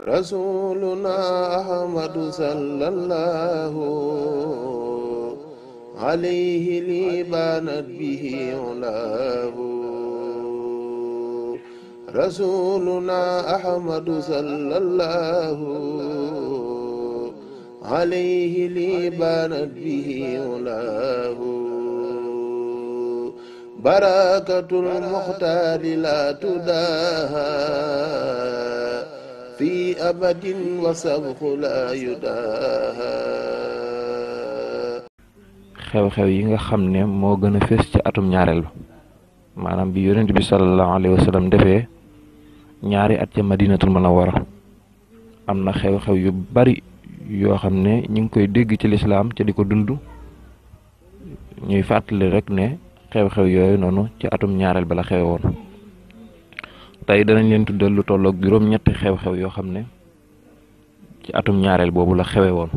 رسولنا أحمد صلى الله عليه لي بانت به علاه رسولنا أحمد صلى الله عليه لي بانت به علاه بركة المختار لا تداهى في أبد وسبق لا يداها xew-xew yi nga xam ne moo gën a fés ci atum ñaareel ba maanaam bi yonent bi salallahu alayhi wa sallam defee ñaari at ca madinatul munawwara am na xew-xew yu bari yoo xam ne ñu ngi koy dégg ci lislaam ca di ko dund ñuy fàttali rek ne xew-xew yooyu noonu ci atum ñaareel ba la xewoon tey danañ leen tuddal tollook tolloog juróom-ñetti xew-xew yoo xam ne ci atum ñaareel boobu la xewe woon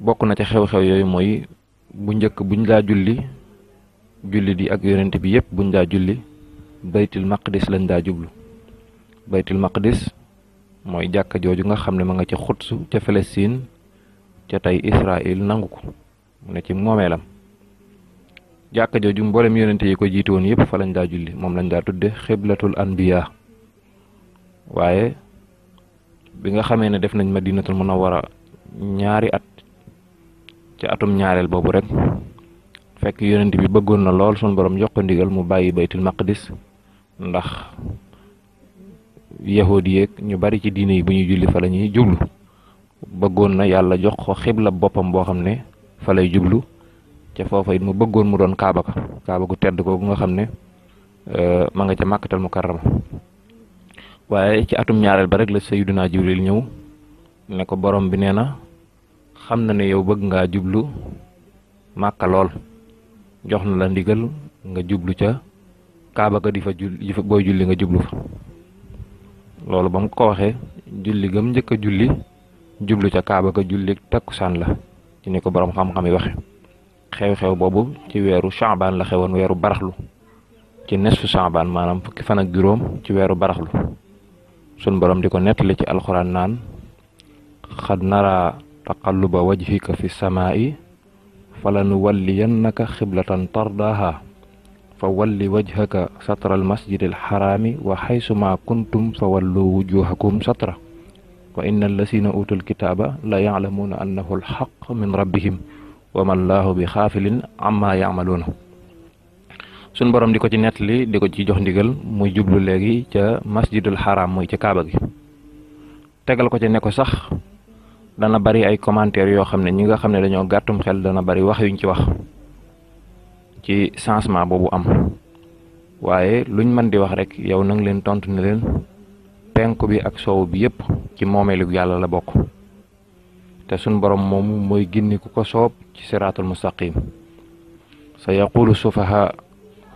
bokk na ca xew-xew yooyu mooy bu njëkk buñ laa julli julli di ak yonent bi yépp buñ laa julli baytul maqdis lañ daa jublu baytul maqdis mooy jàkka jooju nga xam ne ma nga ca xutsu ca Palestine ca tey Israël nangu ko ne ci moomeelam jàkka joju mbolam yonente yi ko jitu won yëpp fa lañ da julli mom lañ da tudde khiblatul anbiya waaye bi nga xamé ne def nañ madinatul munawwara ñaari at ci atum ñaarel bobu rek fekk yonent bi bëggoon na lool sun borom jox ko ndigal mu bayyi baytul maqdis ndax yahudi yeeg ñu bari ci diine yi bu ñu julli fa lañ yi jublu bëggoon na yalla jox ko khibla bopam bo xam fa lay jublu ca foofa it mu bëggoon mu doon kaaba ka kaaba gu tedd googu nga xam ne euh, ma nga ca màkkatal mu karama waaye ci atum ñaareel ba rek la sayyiduna jibril ñëw ne ko borom bi nee na xam na ne yow bëgg ngaa jublu màkka lool jox na la ndigal nga jublu ca kaaba ka di fa julli booy julli nga jublu fa loolu ba ko waxee julli gam njëkk a julli jublu ca kaaba ka julli takkusaan la ci ni ko borom xam-xam yi waxe xew-xew bobu ci wéru chaabaan la xewon wéru baraxlu ci nesfu chaabaan manam fukki fan ak juróom ci wéru baraxlu sun borom diko ko ci alquran nan khad nara taqalluba wajhika fi samai falanuwalliyannaka xiblatan tardaaha fa walli wajhaka satra almasjid alxaraami wa xaysuma kuntum fa wallu wujuhakum satra wa inna allasina utul kitaaba la yaclamuuna annahu alxaq min rabbihim wa mallaahu bi xaafilin amma yaamaluuna suñ borom di ko ci nettali di ko ci jox ndigal muy jublu léegi ca masjidul xaraam mooy ci kaaba gi tegal ko ci ne ko sax dana bari ay commentaire yoo xam ne ñi nga xam ne dañoo gàttum xel dana bari wax yuñ ci wax ci changement boobu am waaye luñ mën di wax rek yow nang leen tontu ne leen penku bi ak soow bi yépp ci moomeelu yàlla la bokk te sun borom mom moy ginni ku ko soob ci siratul mustaqim sayaqulu sufaha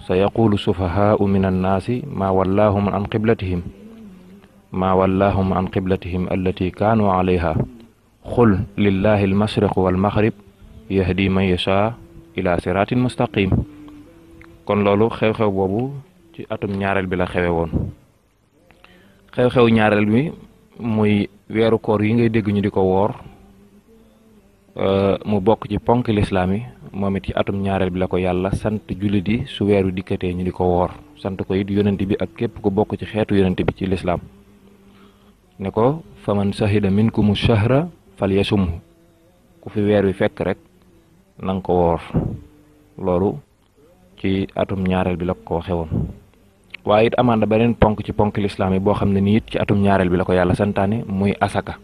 sayaqulu sufaha minan nasi ma wallahum an qiblatihim ما ولاهم عن قبلتهم التي كانوا عليها خل لله المشرق والمغرب يهدي من يشاء الى صراط مستقيم كون لولو خيو خيو بوبو تي اتوم نيارال بلا خيو وون خيو خيو نيارال مي موي ويرو كور ييغي ديغ ني ديكو وور Eh, mu bok ci ponk lislaam yi moom ci atum ñaaral bi la ko yàlla sant jullit yi su wéru dikkatee ñu di wor sante ko yit yonent bi ak kep ko bok ci xéetu yonent bi ci l'islam ne ko faman minkum ash shahra falyasum ku fi wéru fekk rek nang ko wor lolu ci atum ñaaral bi la ko waxe woon waaye it amaan benen ponk ci ponk lislaam yi it ci atum ñaaral bi la ko yàlla muy asaka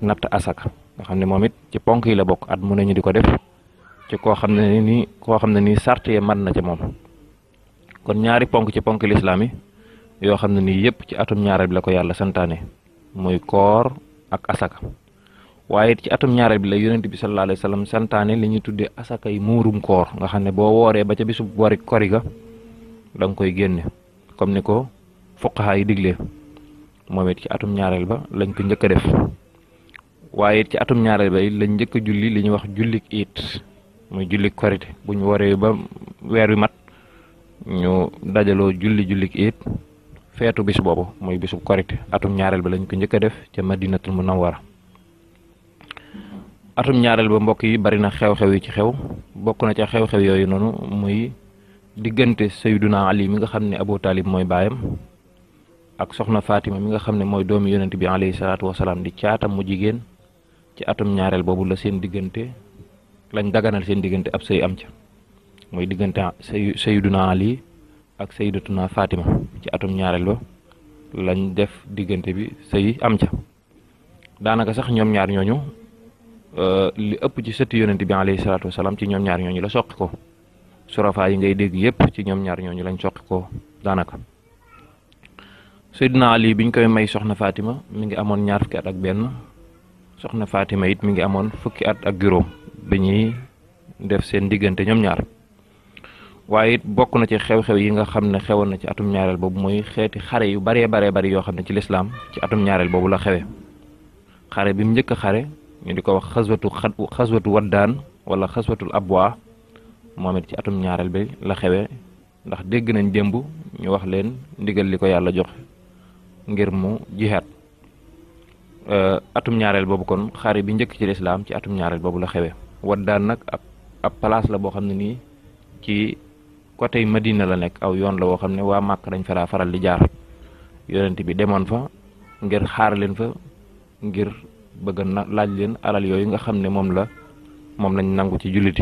natt asaka nga xamne momit ci ponk yi la bok at mu ñu di def ci ko xamne ni ko xamne ni sart ye ya man na ci mom kon ñaari ponk ci ponk l'islam yi yo xamne ni nii yépp ci atum ñaareel bi la ko yalla santaane moy koor ak asaka waye ci atum ñaareel bi la yonent bi sallallahu alayhi wasallam santaane li ñu tuddé asaka yi murum koor nga xamne bo woré ba ca bisu bori kori ga dang koy comme ni ko fuqaha yi diglé momit ci atum ñaareel ba lañ ko ñëk def waaye ci atum ñaareel bay lañ njëkk julli li ñuy wax jullik it muy jullik korite bu ñu waree ba weer wi mat ñu dajaloo julli jullik it feetu bis boobu muy bisub korite atum ñaareel ba lañ ko njëkk a def ca madinatul munawwara atum ñaareel ba mbokk yi bari na xew-xew yi ci xew bokk na ca xew-xew yooyu noonu muy diggante sayduna ali mi nga xam ne abu taalib mooy baayam ak soxna fatima mi nga xam ne mooy doomi yonent bi alayhi salatu wasalaam di caatam mu jigéen ci atum ñaarel bobu la seen digënté lañ daganal seen digënté ab sey am ci moy digënté sayyiduna ali ak sayyidatuna fatima ci atum ñaarel ba lañ def digënté bi sey am ci danaka sax ñom ñaar nyonyo, euh, li ëpp ci sëtt yonent bi alayhi salatu wassalam ci ñom ñaar ñoñu la sokk ko surafa yi ngay dégg yépp ci ñom ñaar ñoñu lañ sokk ko danaka sayiduna ali biñ koy may soxna fatima mi ngi amon ñaar fukki ak benn soxna Fatima it mu ngi amoon fukki at ak juróom bi ñuy def seen diggante ñoom ñaar waaye it bokk na ci xew-xew yi nga xam ne xewoon na ci atum ñaareel boobu mooy xeeti xare yu baree baree bari yoo xam ne ci lislaam ci atum ñaareel boobu la xewee xare bi njëkk a xare ñu di ko wax xaswatu xaswatu waddaan wala xaswatul abwa moom it ci atum ñaareel bi la xewee ndax dégg nañ démb ñu wax leen ndigal li ko yàlla jox ngir mu jihaat Eh, atum ñaarel bobu kon xari bi ñëk ci l'islam ci atum ñaarel bobu la xewé waddaan nak ab place la bo xamni ni ci côté medina la nek aw yoon la bo xamni wa makk dañ faral di jaar yoonent bi demone fa ngir xaar leen fa ngir bëgg na laaj leen alal yoy nga xam mom la mom lañ nangu ci julit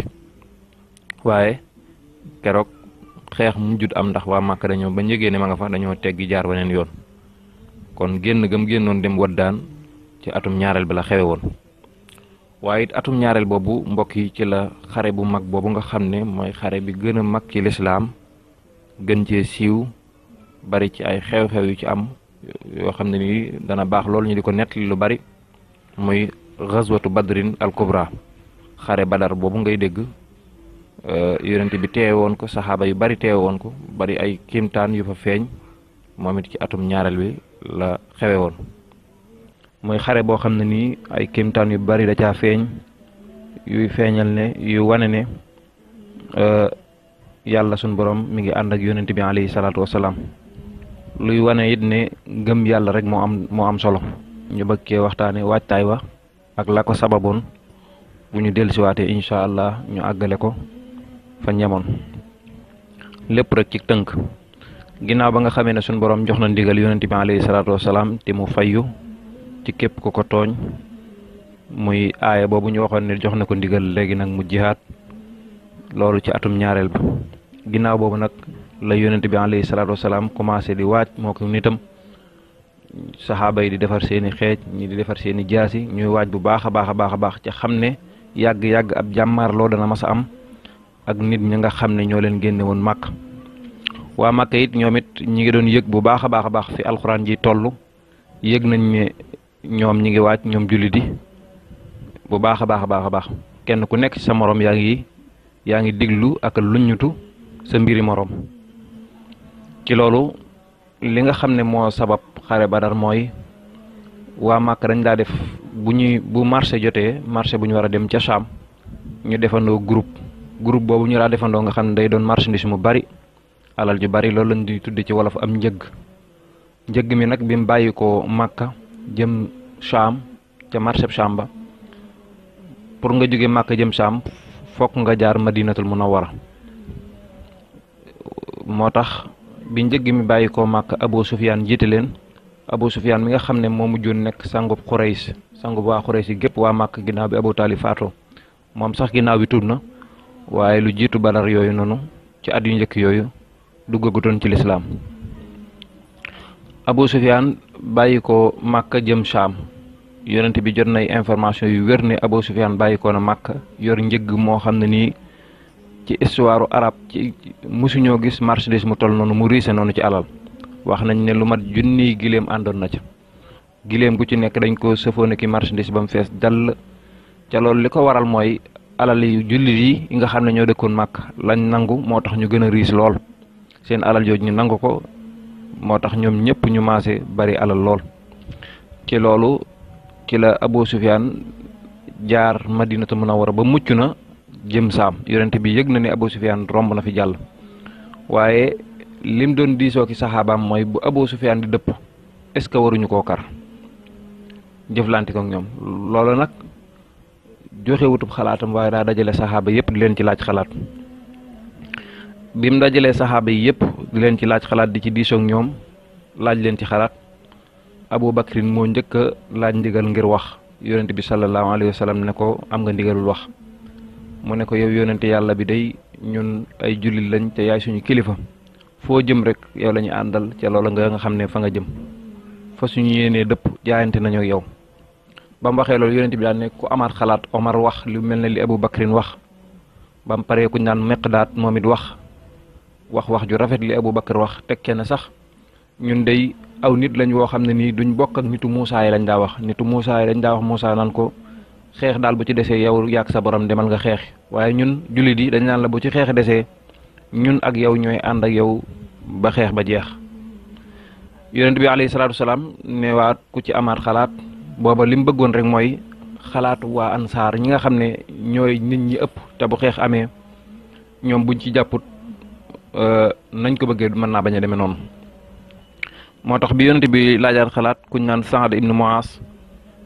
waye kérok xex mu jut am ndax wa makk dañu ba ñëgé ni ma nga fa dañu teggi jaar wenen yoon kon genn gam gennon dem wadan ci atum ñaareel bi la xewe woon waaye it atum ñaareel boobu mbokk yi ci la xare bu mag boobu nga xam ne mooy xare bi gën a mag ci lislaam gën cee siiw bari ci ay xew-xew yu ci am yoo xam ne nii dana baax loolu ñu di ko nettali lu bari mooy xaswatu badrin al xare badar boobu ngay dégg euh, yonent bi teewe woon ko saxaaba yu bari teewe woon ko bari ay kiimtaan yu fa feeñ moomit ci atum ñaareel wi la xewe woon moy xare bo xam ni ay kemtan yu bari da ca feñ yu feñal ne yu wane ne euh, yalla sun borom mi ngi and ak yonnati bi alayhi salatu wassalam luy wané it ne gëm yalla rek mo am mo am solo ñu bëggee wacc tay wa ak la ko sababoon bu ñu dellusiwaatee waté allah ñu àggale ko fa ñamon lepp rek ci tënk ginaaw ba nga xamé ne sun borom jox na ndigal yonnati bi alayhi salatu wassalam te mu fayyu ci képp ko ko tooñ muy aaya boobu ñu waxoon ne jox na ko ndigal léegi nag mu jihaat loolu ci atum ñaareel ba ginnaaw boobu nag la yonent bi alayhi salatu wasalaam commencé di waaj moo ko nitam saxaaba yi di defar seeni xeej ñi di defar seeni jaasi ñuy waaj bu baax a baax a baax a baax ci xam ne yàgg-yàgg ab jàmmaar loo dana mas am ak nit ñi nga xam ne ñoo leen génne woon màkk waa màkk it ñoom it ñi ngi doon yëg bu baax a baax fi alquran ji toll yëg nañ ne nyom ñi ngi waaj ñoom jullit bu baax a baax a baax a baax kenn ku nekk sa morom yaa ngi diglu ak luññutu sa mbiri morom ci loolu li nga xam ne moo sabab xare badar mooy waa màkk dañ def bunyi bu marché jotee marché mars ñu war a dem ca saam ñu defandoo groupe groupe boobu ñu daa defandoo nga xam ne day doon marchandise mu bari alal ju bari loolu lañ di tudde ci wolof am njëg njëg mi nak bi mu bàyyi ko màkka jëm Cham ca marché Cham ba pour nga jóge Màkka jëm Cham fokk nga jaar Madinatul Munawwara moo tax bi njëgg mi bàyyi ko Màkka Abu Sufyaan jiite leen Abu Sufyaan mi nga xam ne moo mujjoon nekk sangub Xurays sangub waa Xurays gépp waa Màkka ginnaaw bi aboo Taalib faatoo moom sax ginnaaw bi tuub na waaye lu jiitu Badar yooyu noonu ci at yu njëkk yooyu duggagutoon ci lislaam Abu Sufyaan bàyyi ko màkk jëm saam yonent bi jot nay information yu wér ne Abu Sufyaan bàyyi ko na màkk yor njëgg moo xam ne nii ci histoire arab ci mosuñoo gis marchandise mu toll noonu mu riise noonu ci alal wax nañ ne lu mat junniy giléem àndoon na ca giléem gu ci nekk dañ ko sëfoone ki marchandise ba mu fees dal ca loolu li ko waral mooy alal yu jullit yi i nga xam ne ñoo dëkkoon màkk lañ nangu moo tax ñu gën a riis lool seen alal jooju ñu nangu ko moo tax ñoom ñëpp ñu maase bari alal lool ci loolu kila ci la Abu Sufyaan jaar Madinatu Munawwara ba mucc na jëm saam yonent bi yëg na ni Abu Sufyaan romb na fi jàll waaye lim doon diisoo ki saxaabaam mooy bu aboo Sufyaan di dëpp est-ce que waruñu koo kar jëflante ko ñoom loolu nag joxe wutub xalaatam waaye daa dajale saxaaba yëpp di leen ci laaj xalaat Bimda dajale sahaba yep di len ci laaj xalaat di ci diisoo ak laaj len ci xalaat abu bakrin mo ñeuk laaj ndigal ngir wax yaronte bi sallallahu alaihi wasallam ne ko am nga ndigalul wax mu ne ko yow yaronte yalla bi day ñun ay julil lañ te yaay suñu kilifa fo jëm rek yow lañu andal ci loolu nga nga xamne fa nga jëm fa suñu yene depp jaayante nañu yow ba loolu yaronte bi da ne ku amar xalaat Omar wax lu melni li Abu Bakrin wax bam pare ku ñaan naan momit wax wax wax ju rafet li Abu bakkar wax tekke na sax ñun day aw nit lañ woo xam ne nii duñ bokk ak nitu Moussa yi lañ daa wax nitu Moussa yi lañ daa wax Moussa naan ko xeex daal bu ci desee yow yaak sa borom demal nga xeex waaye ñun jullit yi dañ naan la bu ci xeex desee ñun ak yow ñooy ànd ak yow ba xeex ba jeex yonent bi alayhi salaam ne waat ku ci amaat xalaat booba li mu bëggoon rek mooy xalaatu waa ñi nga xam ne ñooy nit ñi ëpp te bu xeex amee ñoom buñ ci jàpput Euh, nañ ko bëggee mën naa bañ a demee noonu moo tax bi yonent bi laajaat xalaat kuñ naan Saad ibnu Muaas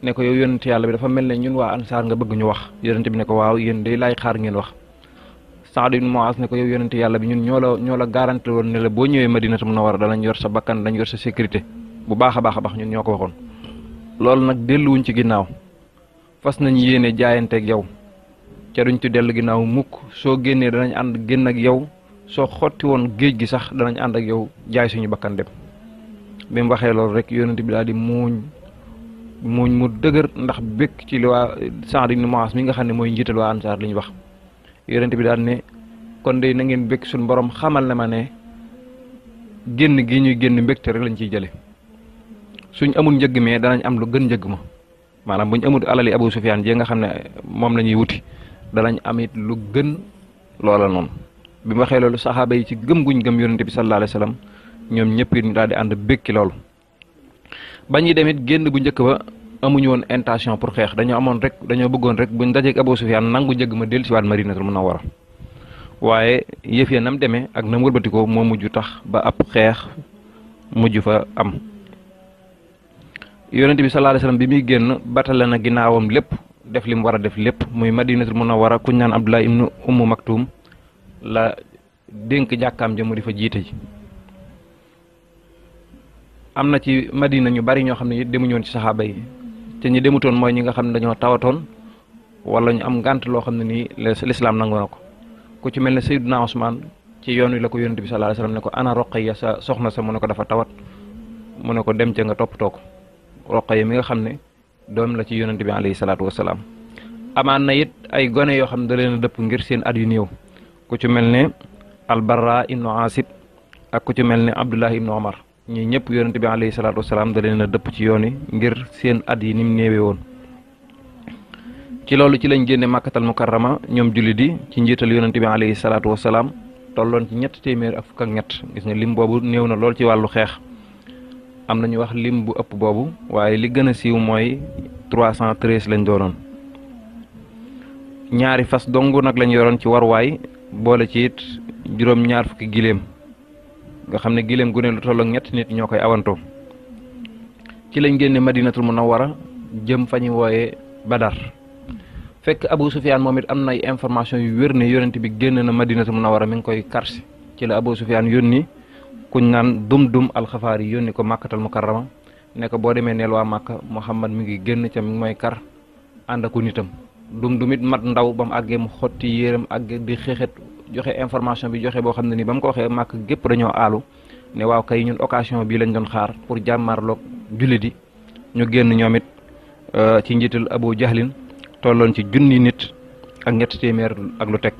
ne ko yow yonent yàlla bi dafa mel ne ñun waa saar nga bëgg ñu wax yonent bi ne ko waaw yéen day laay xaar ngeen wax Saad ibnu Muaas ne ko yow yonent yàlla bi ñun ñoo la ñoo la garanti woon ne la boo ñëwee Madinatu Munawwara danañ yor sa bakkan danañ yor sa sécurité bu baax a baax a baax ñun ñoo ko waxoon loolu nag delluwuñ ci ginnaaw fas nañ yéene jaayanteeg yow ca duñ ci dellu ginnaaw mukk soo génnee danañ ànd génn yow so xoti won geej gi sax danañ and ak yow jaay suñu bakkan dem bi waxe lol rek yonent bi daldi di muuñ mu dëgër ndax bekk ci li wa Saad ibn Muaaz mi nga xamne moy njital wa waa ansaar li wax yonent bi dal ne kon de na ngeen bekk suñu borom xamal na ma ne génn gi ñuy genn mbégte rek lañ ci jëlé suñ amul njëgg mais danañ am lu gën njëgg ma manam buñ amul alali Abu sufyan je nga xamne mom lañuy wuti danañ amit lu gën lola non bi mu waxee loolu saxaaba yi ci gëm guñ gëm yonente bi sallallahu alayhi wasallam ñoom ñëpp ñu daal di ànd békki loolu ba ñuy demit génn bu njëkk ba amuñu woon intention pour xeex dañoo amoon rek dañoo bëggoon rek buñ dajeeg Abu sufyan nangu njëgg ma del ci waat Madinatul Munawwara waaye yëf ya nam demee ak nam wëlbatikoo moo mujj tax ba ab xeex mujj fa am yonente bi sallallahu alayhi wasallam bi muy génn batale na ginnaawam lépp def lim mu war a def lépp muy Madinatul Munawwara ku ñaan Abdullah ibnu Ummu Maktum la denk jakam je modifa di ji amna ci madina ñu bari ñoo xam ne demuñoon ci sahaba yi te ñi ton moy ñi nga xamne ne dañoo wala ñu am gant lo xamne ni l'islam nangoo ko ku ci melni ne usman ci yoon wi la ko bi sallallahu alayhi wasallam ne ko ana ruqayya sa soxna sa mu dafa tawat mu dem ci nga top tok ruqayya mi nga xamne dom la ci yonent bi alayhi salatu wasallam amana na ay gone yo xamne da leena depp ngir seen at yu ku ci mel ne barra ibn asib ak ku ci mel ne abdullah ibn umar ñi ñepp yoonte bi alayhi salatu wassalam da leena depp ci ngir seen ad yi nim néewe won ci lolu ci lañ makkah al mukarrama ñom julli di ci njital yoonte bi alayhi salatu wassalam tollon ci ñett témer ak fuk ak ñett gis nga lim bobu néew na lool ci walu xex am nañu wax lim bu upp bobu waye li gëna siiw 313 lañ ñaari fas dongu nak lañ yoron ci warway boole ci it juróom ñaar fukki giléem nga xam ne giléem gu ne lu tollook ñetti nit ñoo koy awantoo ci lañ génne madinatul munawwara jëm fa ñu wooye badar fekk abou soufiane moom it am na ay information yu wér ne yonent bi génn na madinatul munawwara mi ngi koy karsi ci la abou soufiane yónni kuñ naan dum dum alxafaar yi yónni ko màkkatal mukarrama ne ko boo demee neel waa màkka muhammad mi ngi génn ca mi ngi mooy kar ànd aku nitam dum dumit mat ndaw ba mu àggee mu xotti yéeram àgg di xeexet joxe information bi joxe boo xam ne nii ba mu ko waxee màkk gépp dañoo aalu ne waaw kay ñun occasion bii lañ doon xaar pour jàmmarloog jullit yi ñu génn ñoom it euh, ci njiital Abu Jahlin tolloon ci junni nit ak ñetti ak lu teg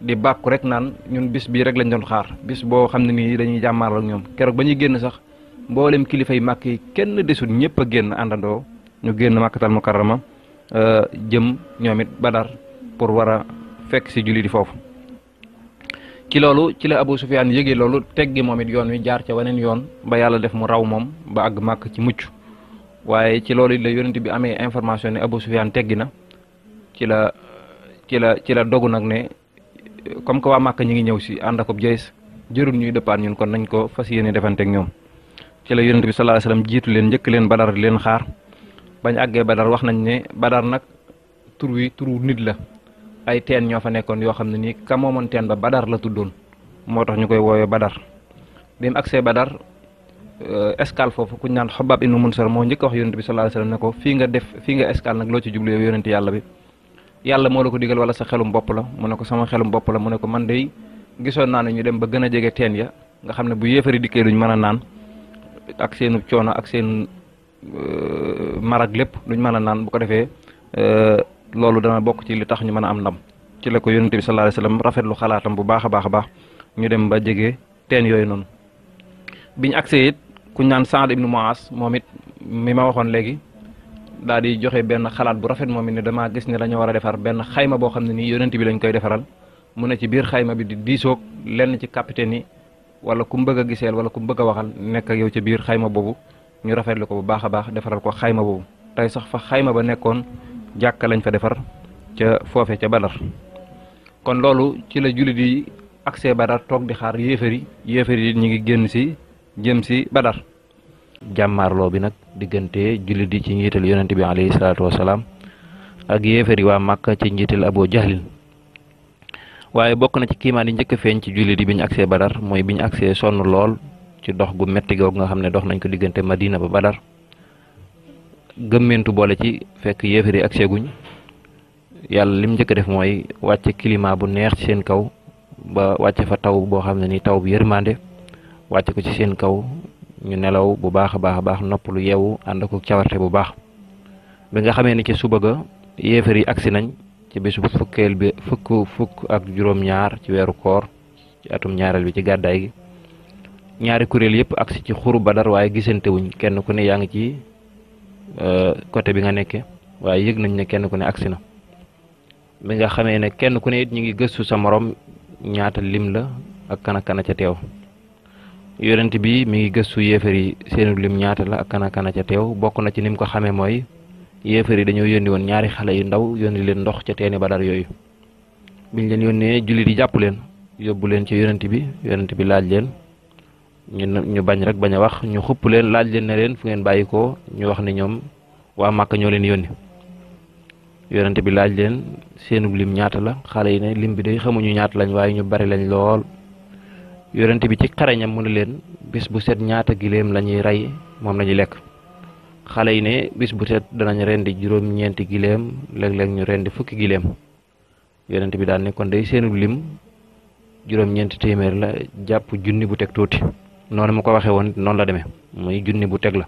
di bàkku rek naan ñun bis bii rek lañ doon xaar bis boo xam ne nii dañuy jàmmarloog ñoom keroog ba ñuy génn sax mboolem kilifa yi màkk yi kenn desut ñëpp a génn àndandoo ñu génn mu mukarrama Eh, jëm ñomit badar pour wara fekk si julli di fofu ci lolu ci la abu sufyaan yegge lolu teggi momit yoon wi jaar ci waneen yoon ba yalla def mu raw mom ba ag mak ci muccu waaye ci lolu la yonent bi amé information ni abu sufyaan teggi na ci la ci la ci la dogu nak ne comme ko wa mak ñi ngi ñëw si ànd akob jees jërul ñuy dëppaat ñun kon nañ ko fasiyene defante ak ñom ci la bi sallallahu alayhi wasallam jitu len njëkk len badar len xaar bañ àggee badar wax nañ ne badar nak turu wi turu nit la ay teen ño fa nekkoon yo xam ni nii ka moomoon ba badar la tuddoon motax ñukoy woyé badar bim mu badar badar euh, escale fofu ku ñaan xobab ibnu munsar mo ñëk wax yoonte bi sallallahu alayhi wasallam ne fi nga def fi nga escale nak lo ci jublu yoonte yalla bi yalla mo la ko digal wala sa xelum bop la mu ne ko sama xelum bop la mu ko man day gisoon na ñu dem ba gëna a jege ya nga xam bu yéefari di duñ mëna naan ak seenu ciono ak seen Eh, marag lepp lépp mëna mën naan bu ko euh loolu dana bok ci li tax ñu mëna am ndam ci la ko yonente bi sallallahu alayhi wasallam lu xalaatam bu baaxa a baax baax ñu dem ba jégué teen yoy non biñu accé yit ku ñaan Saad ibn Muaz momit mi ma waxon légui daal di joxe ben xalaat bu rafet momit ni dama gis ni lañu wara défar ben xayma bo xamni ni nii yonente bi lañ koy défaral mu ne ci biir xayma bi di disok lenn ci capitaine ni wala kum bëgg gisel wala kum bëgg waxal nek ak yow ci biir xayma bobu ñu rafetlu ko bu baax a baax defaral ko xayma boobu tay sax fa xayma ba nekkoon jàkka lañ fa defar ca foofe ca Badar kon loolu ci la jullit yi accès Badar toog di xaar yéefar yi yéefar yi ñu ngi génn si jëm si Badar jàmmaarloo bi nag diggante jullit yi ci njiital yonente bi alayhi salaatu wasalaam ak yéefar yi waa Màkka ci njiital Abu Jahlin waaye bokk na ci kiimaan yi njëkk a feeñ ci jullit yi bi ñu agsee Badar mooy bi ñu agsee sonn lool ci dox gu metti gog nga xamne ne dox nañ ko digënté Madina ba Badar gëmmentu boole ci fekk yéefar ak seguñ yalla lim jëk def moy waccé climat bu neex ci seen kaw ba waccé fa taw bo xamne ni taw bu yermandé waccé ko ci seen kaw ñu nelaw bu baaxa baaxa baax a baax noppalu yeewu ko ciawarté bu baax bi nga xamé ni ci suba ga yéefar yi nañ ci bisu fukkel bi fukk fukk ak juroom ñaar ci wéru koor ci atum ñaaral bi ci gaday gi ñaari kuréel yëpp agsi ci xuru badar waaye gisante wuñ kenn ku ne yaa ngi ci euh, côté bi nga nekke waaye yëg nañ ne kenn ku ne agsi na bi nga xamee ne kenn ku ne it ñu ngi gëstu sa morom ñaata lim la ak kana ca teew yonent bi mi ngi gëstu yéefar yi seenu lim ñaata la ak kana ca teew bokk na ci ni mu ko xamee mooy yéefar yi dañoo yónni woon ñaari xale yu ndaw yónni leen ndox ca teeni badar yooyu biñ leen yónnee jullit yi jàpp leen yóbbu leen ci yonent bi yonent bi laaj leen ñu ñu bañ rek bañ a wax ñu xëpp leen laaj leen ne leen fu ngeen bàyyi ko ñu wax ne ñoom waa Màkka ñoo leen yónni yonente bi laaj leen seenub lim ñaata la xale yi ne lim bi day xamuñu ñaata lañ waaye ñu bari lañ lool yonente bi ci xarañam mu leen bis bu set ñaata giléem la rey moom la ñuy lekk xale yi ne bis bu set danañ rendi juróom-ñeenti giléem léeg-léeg ñu rendi fukki giléem yonente bi daal ne day seenub lim juróom-ñeenti téeméer la jàpp junni bu teg tuuti noonu ma ko waxee woon noonu la demee muy junni bu teg la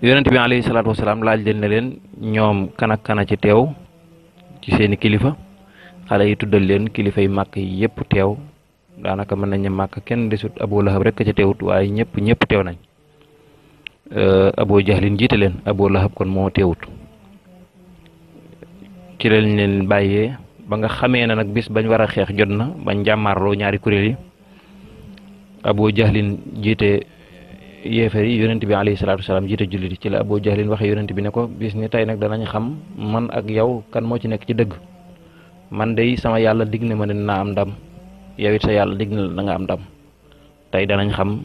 yonent bi alayhi salaatu wasalaam laaj leen ñoom kan kan a ci teew ci seeni kilifa xale yi tuddal leen kilifa yi màkk yi yëpp teew daanaka mën nañ ne màkk kenn desut Abu Lahab rek ca teewut waaye ñëpp ñëpp teew nañ euh, Abu Jahlin jiite leen Abu Lahab kon moo teewut ci lañ leen bàyyee ba nga xamee na nag bis bañ war a xeex jot na bañ jàmmaarloo ñaari kuréel yi abu jahlin jite yeferi yi yonent bi alayhi salatu wassalam jite julit ci la abu jahlin waxe yonent bi ne ko bis ni tay nak danañ xam man ak yaw kan mo ci nek ci deug man day sama Yalla dig ne na ne am dam yawit sa Yalla dig ne la nga am dam tay danañ xam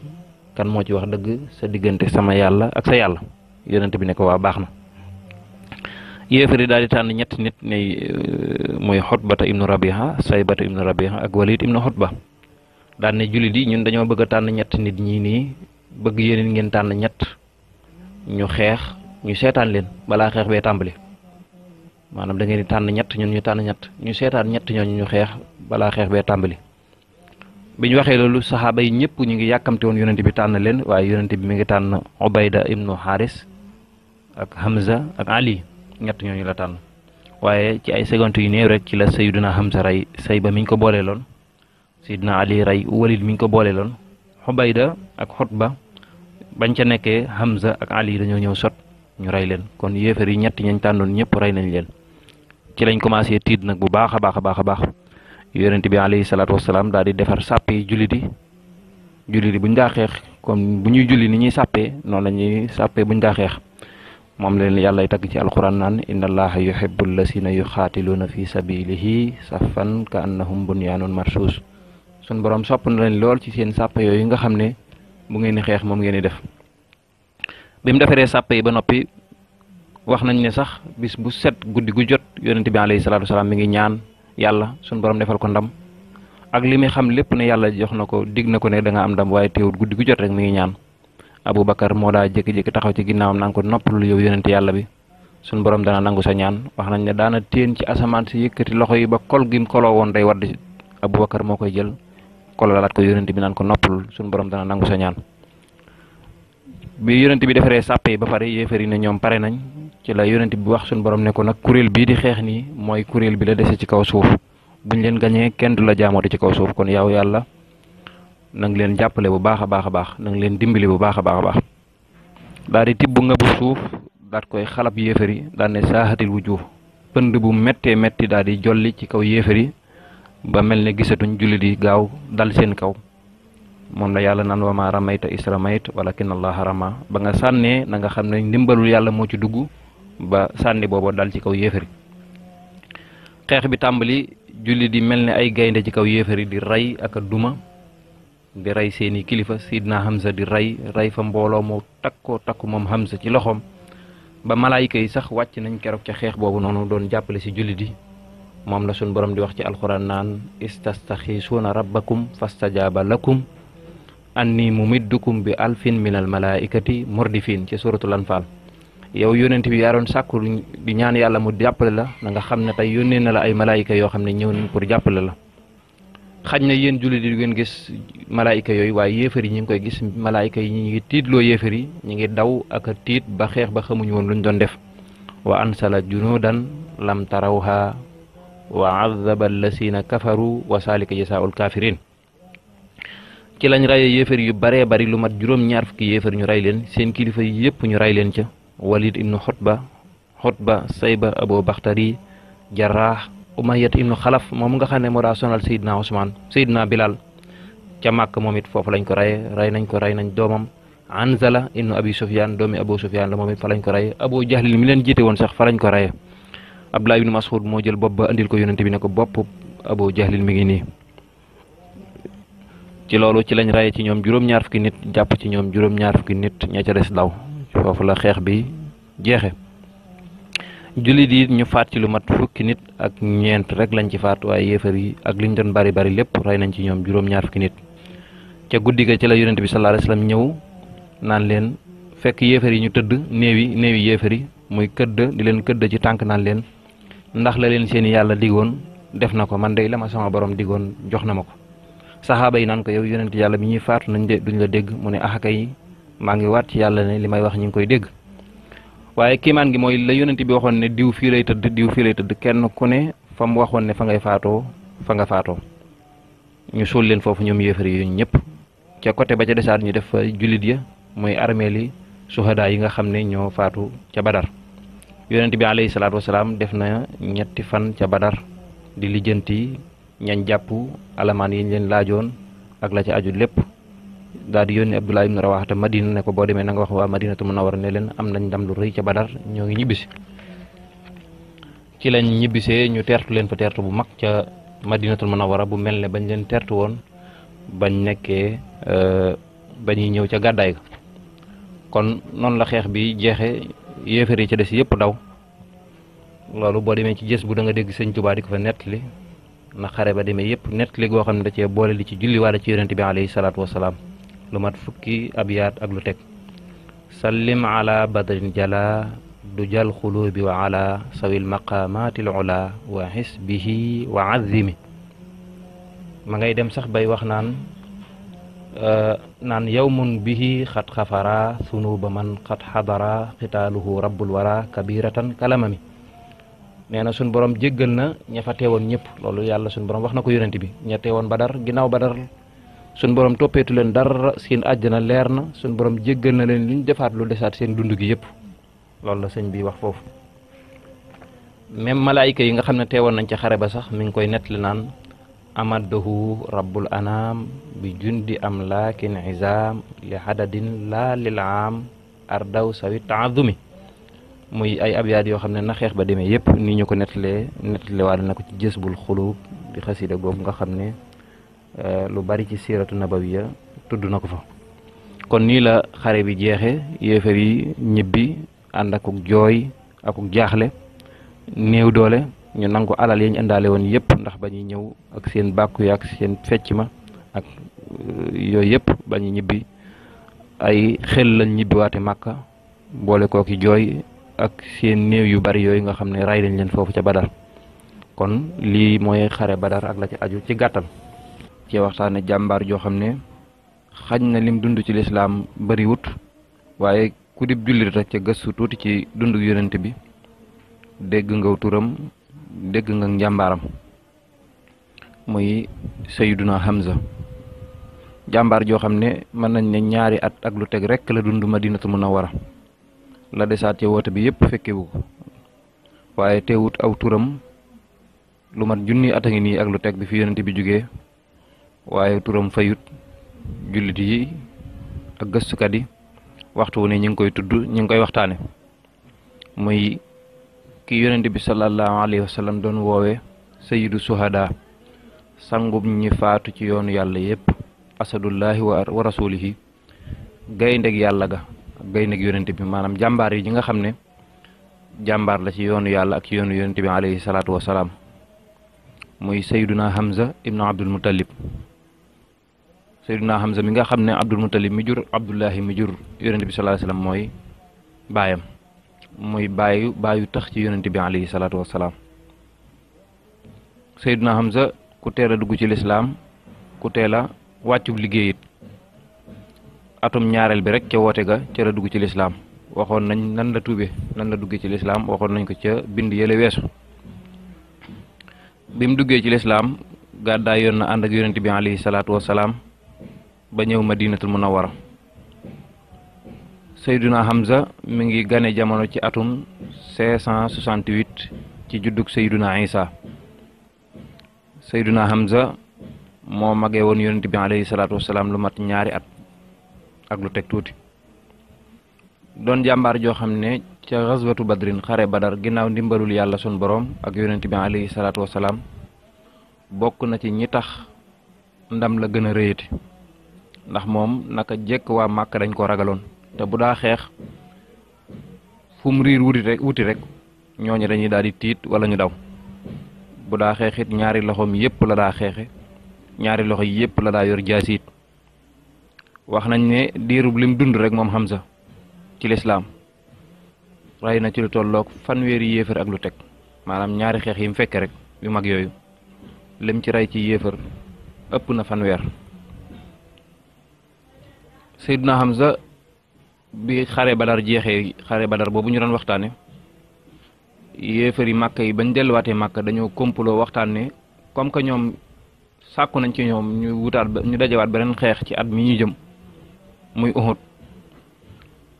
kan mo ci wax se sa digeunte sama Yalla ak sa yalla yonent bi ne ko wa baxna yeferi dal di tan ñet nit ne euh, moy xotbata ibn rabiha saybata ibn rabiha ak walid ibn xotba daan ne jullit yi ñun dañoo bëgg tan ñett nit ñi ni bëgg yéneen ngeen tan ñett ñu xex ñu sétan leen bala xex be tàmbali manam da ngeen ni tan ñett ñun ñu tan ñett ñu sétan ñett ñoo ñu xex bala xex be tàmbali biñ ñu lolu sahaba yi ñepp ñu ngi yakamte won yonente bi tan leen waye yonente bi mi ngi tan Ubayda ibnu Haris ak Hamza ak Ali ñett ñoo ñu la tan waye ci ay secondes yu neew rek ci la Sayyiduna Hamza ray say ba miñ ko bolé loon sidna ali ray walid mi ñu ko boole loon xubayda ak xutba bañ ca nekkee hamza ak ali dañoo ñëw sot ñu rey leen kon yéefar yi ñetti ñañ tàndoon ñëpp rey nañ leen ci lañ commencé tiit nag bu baax a baax a baax a baax yonent bi alayhi salaatu wasalaam daal di defar sàpp yi jullit yi jullit yi buñ daa xeex comme bu ñuy julli ni ñuy sàppee noonu la ñuy sàppee buñ daa xeex moom leen yàllay tagg ci alquran naan inna allaha yuhibbu allasina yuxaatiluuna fi sabilihi saffan ka annahum bunyaanun marsuus sun borom sopp na leen lool ci seen sàpp yooyu nga xam ne bu ngeen di xeex moom ngeen def bi mu defaree sàpp yi ba noppi wax nañ ne sax bis bu set guddi gu jot yonente bi alayhi salatu wasalaam mi ngi ñaan yàlla sun borom defal ko ndam ak li xam lépp ne yàlla jox na dig na ko ne da nga am ndam waaye teewul guddi gu jot rek mi ngi ñaan abubakar moo daa jékki-jékki taxaw ci ginnaawam naan ko yow yonente yàlla bi sun borom dana nangu sa ñaan wax nañ ne daana teen ci asamaan si yëkkati loxo yi ba kol gim koloo woon day wadd moo koy jël kolalaat ko yonent bi nan ko noppul sun borom dana nangu sa ñaan bi yonent bi defere sàppe ba pare yéefari na ñom pare nañ ci la yonent bi wax sun borom ne ko nak kurel bi di xex ni moy kurel bi la dese ci kaw suuf buñ leen gañee kenn du la jaamooti ci kaw suuf kon yaw yalla nang leen jàppale bu baaxa baaxa baax nang leen dimbali bu baaxa baaxa baax daal di nga bu suuf daat koy xalab yéefari daal ne saaxatil wujuuf pënd bu metti metti daal di jolli ci kaw yéefari ba mel ne gisatuñ jullit yi gaaw dal seen kaw moom la yàlla naan wa ma ramayta is ramayt walakin allaha rama ba nga sànnee na nga xam ne ndimbalul yàlla moo ci dugg ba sànni booba dal ci kaw yéefari xeex bi tàmbali jullit yi mel ne ay gaynde ci kaw yéefari di rey ak a duma di rey seeni kilifa sidna Hamza di rey rey fa mbooloo moo takkoo takku moom Hamza ci loxoom ba malaayika yi sax wàcc nañ keroog ca xeex boobu noonu doon jàppale si jullit yi mom la sun borom di wax ci alquran nan istastakhisuna rabbakum fastajaba lakum anni mumiddukum bi alfin min al malaikati murdifin ci suratul anfal yow yonent bi yaron sakku di ñaan yalla mu jàppale la nga xamne tay yonne na la ay malaika yo xamne ñew nañ pour jàppale la xaj na yéen jullit yi du ngeen gis malaika yoy way koy gis malaika yi ñi ngi lo yeferi ñi ngi daw ak tiit ba xex ba xamuñu won luñ doon def wa ansala junudan lam tarauha وعذب الذين كفروا وسالك جزاء الكافرين ci lañ raye yéfer yu baree bari lu mat juróom ñaar fukki yéfer ñu ray leen seen kilifa yi yépp ñu ray leen ca walid ibnu xutba xutba sayba abu baxtari jarrah umayat ibnu xalaf moom nga xam ne moo daa sonal sayidna ousmane sayidna bilal ca màkk moom it foofu lañ ko raye ray nañ ko ray nañ doomam anzala ibnu abi sufyaan doomi abu sufyaan la moom it fa lañ ko raye abu jahlil mi leen jiite woon sax fa lañ ko raye abdullah ibn mas'ud mo jël andil ko yonent bi ne ko bop abu jahlin mi ngi ni ci lolu ci lañ raye ci ñom juróom ñaar fukki nit japp ci ñom juróom ñaar fukki nit ña ca dess daw fofu la xex bi jexé jullit di ñu faat ci lu mat fukki nit ak ñent rek lañ ci faat way yefer yi ak liñ doon bari bari lepp ray nañ ci ñom juróom ñaar fukki nit ca guddi ga ci la yonent bi sallallahu alayhi wasallam ñew naan leen fekk yefer yi ñu teud neewi neewi yefer yi muy keud di leen keud ci tank naan leen ndax la leen seeni yàlla digoon def na ko man day la ma sama boroom digoon jox na ma ko saxaaba yi naan ko yow yonent yàlla bi ñuy faatu nañ de duñ la dégg mu ne ax ah kay maa ngi waat ci yàlla ne li may wax ñu ngi koy dégg waaye kiimaan gi mooy la yonent bi waxoon ne diw fii lay tëdd diw fii lay tëdd kenn ku ne fa mu waxoon ne fa ngay faatoo fa nga faatoo ñu suul leen foofu ñoom yéefar yi ñëpp ca côté ba ca desaat ñu def jullit ya mooy armeel yi suhadaa yi nga xam ne ñoo faatu ca Badar yonent bi alayhi salatu wassalam defna ñetti fan ca badar di lijeenti ñan jàpp alaman yi ñu lajoon ak la ci aju lepp daal di yónni Abdullah ibn rawah ta Madina ne ko bo deme na nga wax wa Madinatu munawwar ne len am nañ ndam lu rëy ca badar ñoo ngi ñibisi ci lañ ñibbisee ñu tertu len fa tertu bu mak ca madinatu Munawwara bu melne bañ len tertu won bañ nekké euh bañ ñew ca gaday kon non la xex bi jexé yéefar yi ca des yëpp daw loolu boo demee ci jës bu da nga dégg sëñ Tuubaa di ko fa nettali na xare ba demee yëpp nettali goo xam ne da boole li ci julli waale ci yonente bi alayhi salaatu lu mat fukki abyaat ak lu teg sallim ala badrin jala du jal xulubi wa ala sawil maqamatil ula wa xisbihi wa azimi ma ngay dem sax bay wax naan Euh, naan yawmun bihi xat xafara ba man xat xadara xitaaluhu rabbul wara kabiratan kalamami nee na suñ borom jéggal na ña fa teewoon ñëpp loolu yàlla suñ borom wax na ko yonent bi ña teewoon dar ginnaaw ba badar suñ borom toppeetu leen dara seen na leer na suñ borom jéggal na leen luñ defaat lu desaat seen dund gi yëpp loolu la sëñ bi wax foofu même malaayika yi nga xam ne teewoon nañ ci xare ba sax mi koy koy nettali naan amaddahu rabbul anaam bi jundi am laakin izaam li xadadin laa lil aam ardaw sawi taadumi muy ay abyaat yoo xam ne na xeex ba demee yépp ni ñu ko nettalee nettalee waale na ko ci jës bul xulub di xasida googu nga xam ne euh, lu bari ci siiratu nabawiya tudd na ko fa kon nii la xare bi jeexe yéefar yi ñibbi ànd akuk jooy akuk jaaxle néew doole ñu nangu alal yi indaale woon yëpp ndax ba ñuy ñëw ak seen bàkku ya ak seen fecc ma ak euh, yooyu yëpp ba ñibbi ay xel lañ ñibbiwaate màkka boole kooki jooy ak seen néew yu bari yooyu nga xam ne ray lañ leen foofu ca badar kon lii mooy xare badar ak la ci aju ci gàttal ci waxtaane jàmbaar joo xam ne xañ na lim dund ci lislaam bariwut waaye ku dib jullit rek ca gëstu tuuti ci dundu yonent bi dégg ngaw turam deg nga jambaram muy Sayyiduna Hamza Jambar jo xamne man nañ ne ñaari at ak lu tek rek la dundu madinatu Munawwara la desat ci wote bi yep fekke wu waye teewut aw turam lu mat junni atangi ni ak lu tek bi fi yonenti bi jógee waye turam fayut julit yi ak gëstukat yi waxtu ne ñing koy tuddu ñing koy waxtane muy ki yonent bi sallallahu alayhi wasallam don wowe sayyidu suhada sangum ñi faatu ci yoonu yalla yépp asadullah wa rasulihi ak yalla ga ak yonent bi manam jambar yi nga xamne jambar la ci yoonu yalla ak yoonu yonent bi alayhi salatu wasalam muy sayyiduna hamza ibnu abdul mutalib sayyiduna hamza mi nga xamne abdul mutalib mi jur abdullahi mi jur yonent bi sallallahu alayhi wasallam moy bayam. muy baayu baayu tax ci yonent bi alayhi salaatu wasalaam Seydina sa ku teel dugg ci lislaam ku teel wàccu wàccub liggéeyit atum ñaareel bi rek ca woote ga ca la dugg ci lislaam waxoon nañ nan la tuube nan la duggee ci lislaam waxoon nañ ko ca bind yële weesu bi duggee ci lislaam gàddaay yoon na ànd ak yonent bi alayhi salaatu wasalaam ba ñëw a munawara sayyiduna hamza mi ngi gané jamono ci atum 568 ci judduk sayyiduna isa sayyiduna hamza mo magé won yonent bi alayhi salatu wassalam lu mat ñaari at ak lu tek tuti don jambar jo xamné ci ghazwatu badrin xare badar ginaaw ndimbalul yalla sun borom ak yonent bi alayhi salatu wassalam bokk na ci ñi tax ndam la gëna a ndax mom naka jek wa màkk dañ ko te bu daa xeex fu mu riir wuti rek wuti rek ñooñu dañuy daal di tiit wala ñu daw bu daa xeexit ñaari loxoom yépp la daa xeexe ñaari loxo yépp la daa yor jaasiit wax nañ ne diirub lim dund rek moom xam sa ci lislaam rey na ci lu tolloog fanweeri yéefar ak lu teg maanaam ñaari xeex yi mu fekke rek yu mag yooyu lim ci rey ci yéefar ëpp na fanweer Seydina bi xare badar jeexee xare badar boobu ñu doon waxtaane yéefar yi màkk yi bañ delluwaatee màkk dañoo kompaloo waxtaan ne comme que ñoom sàkku nañ ci ñoom ñu wutaat ñu dajawaat beneen xeex ci at mi ñu jëm muy Uhud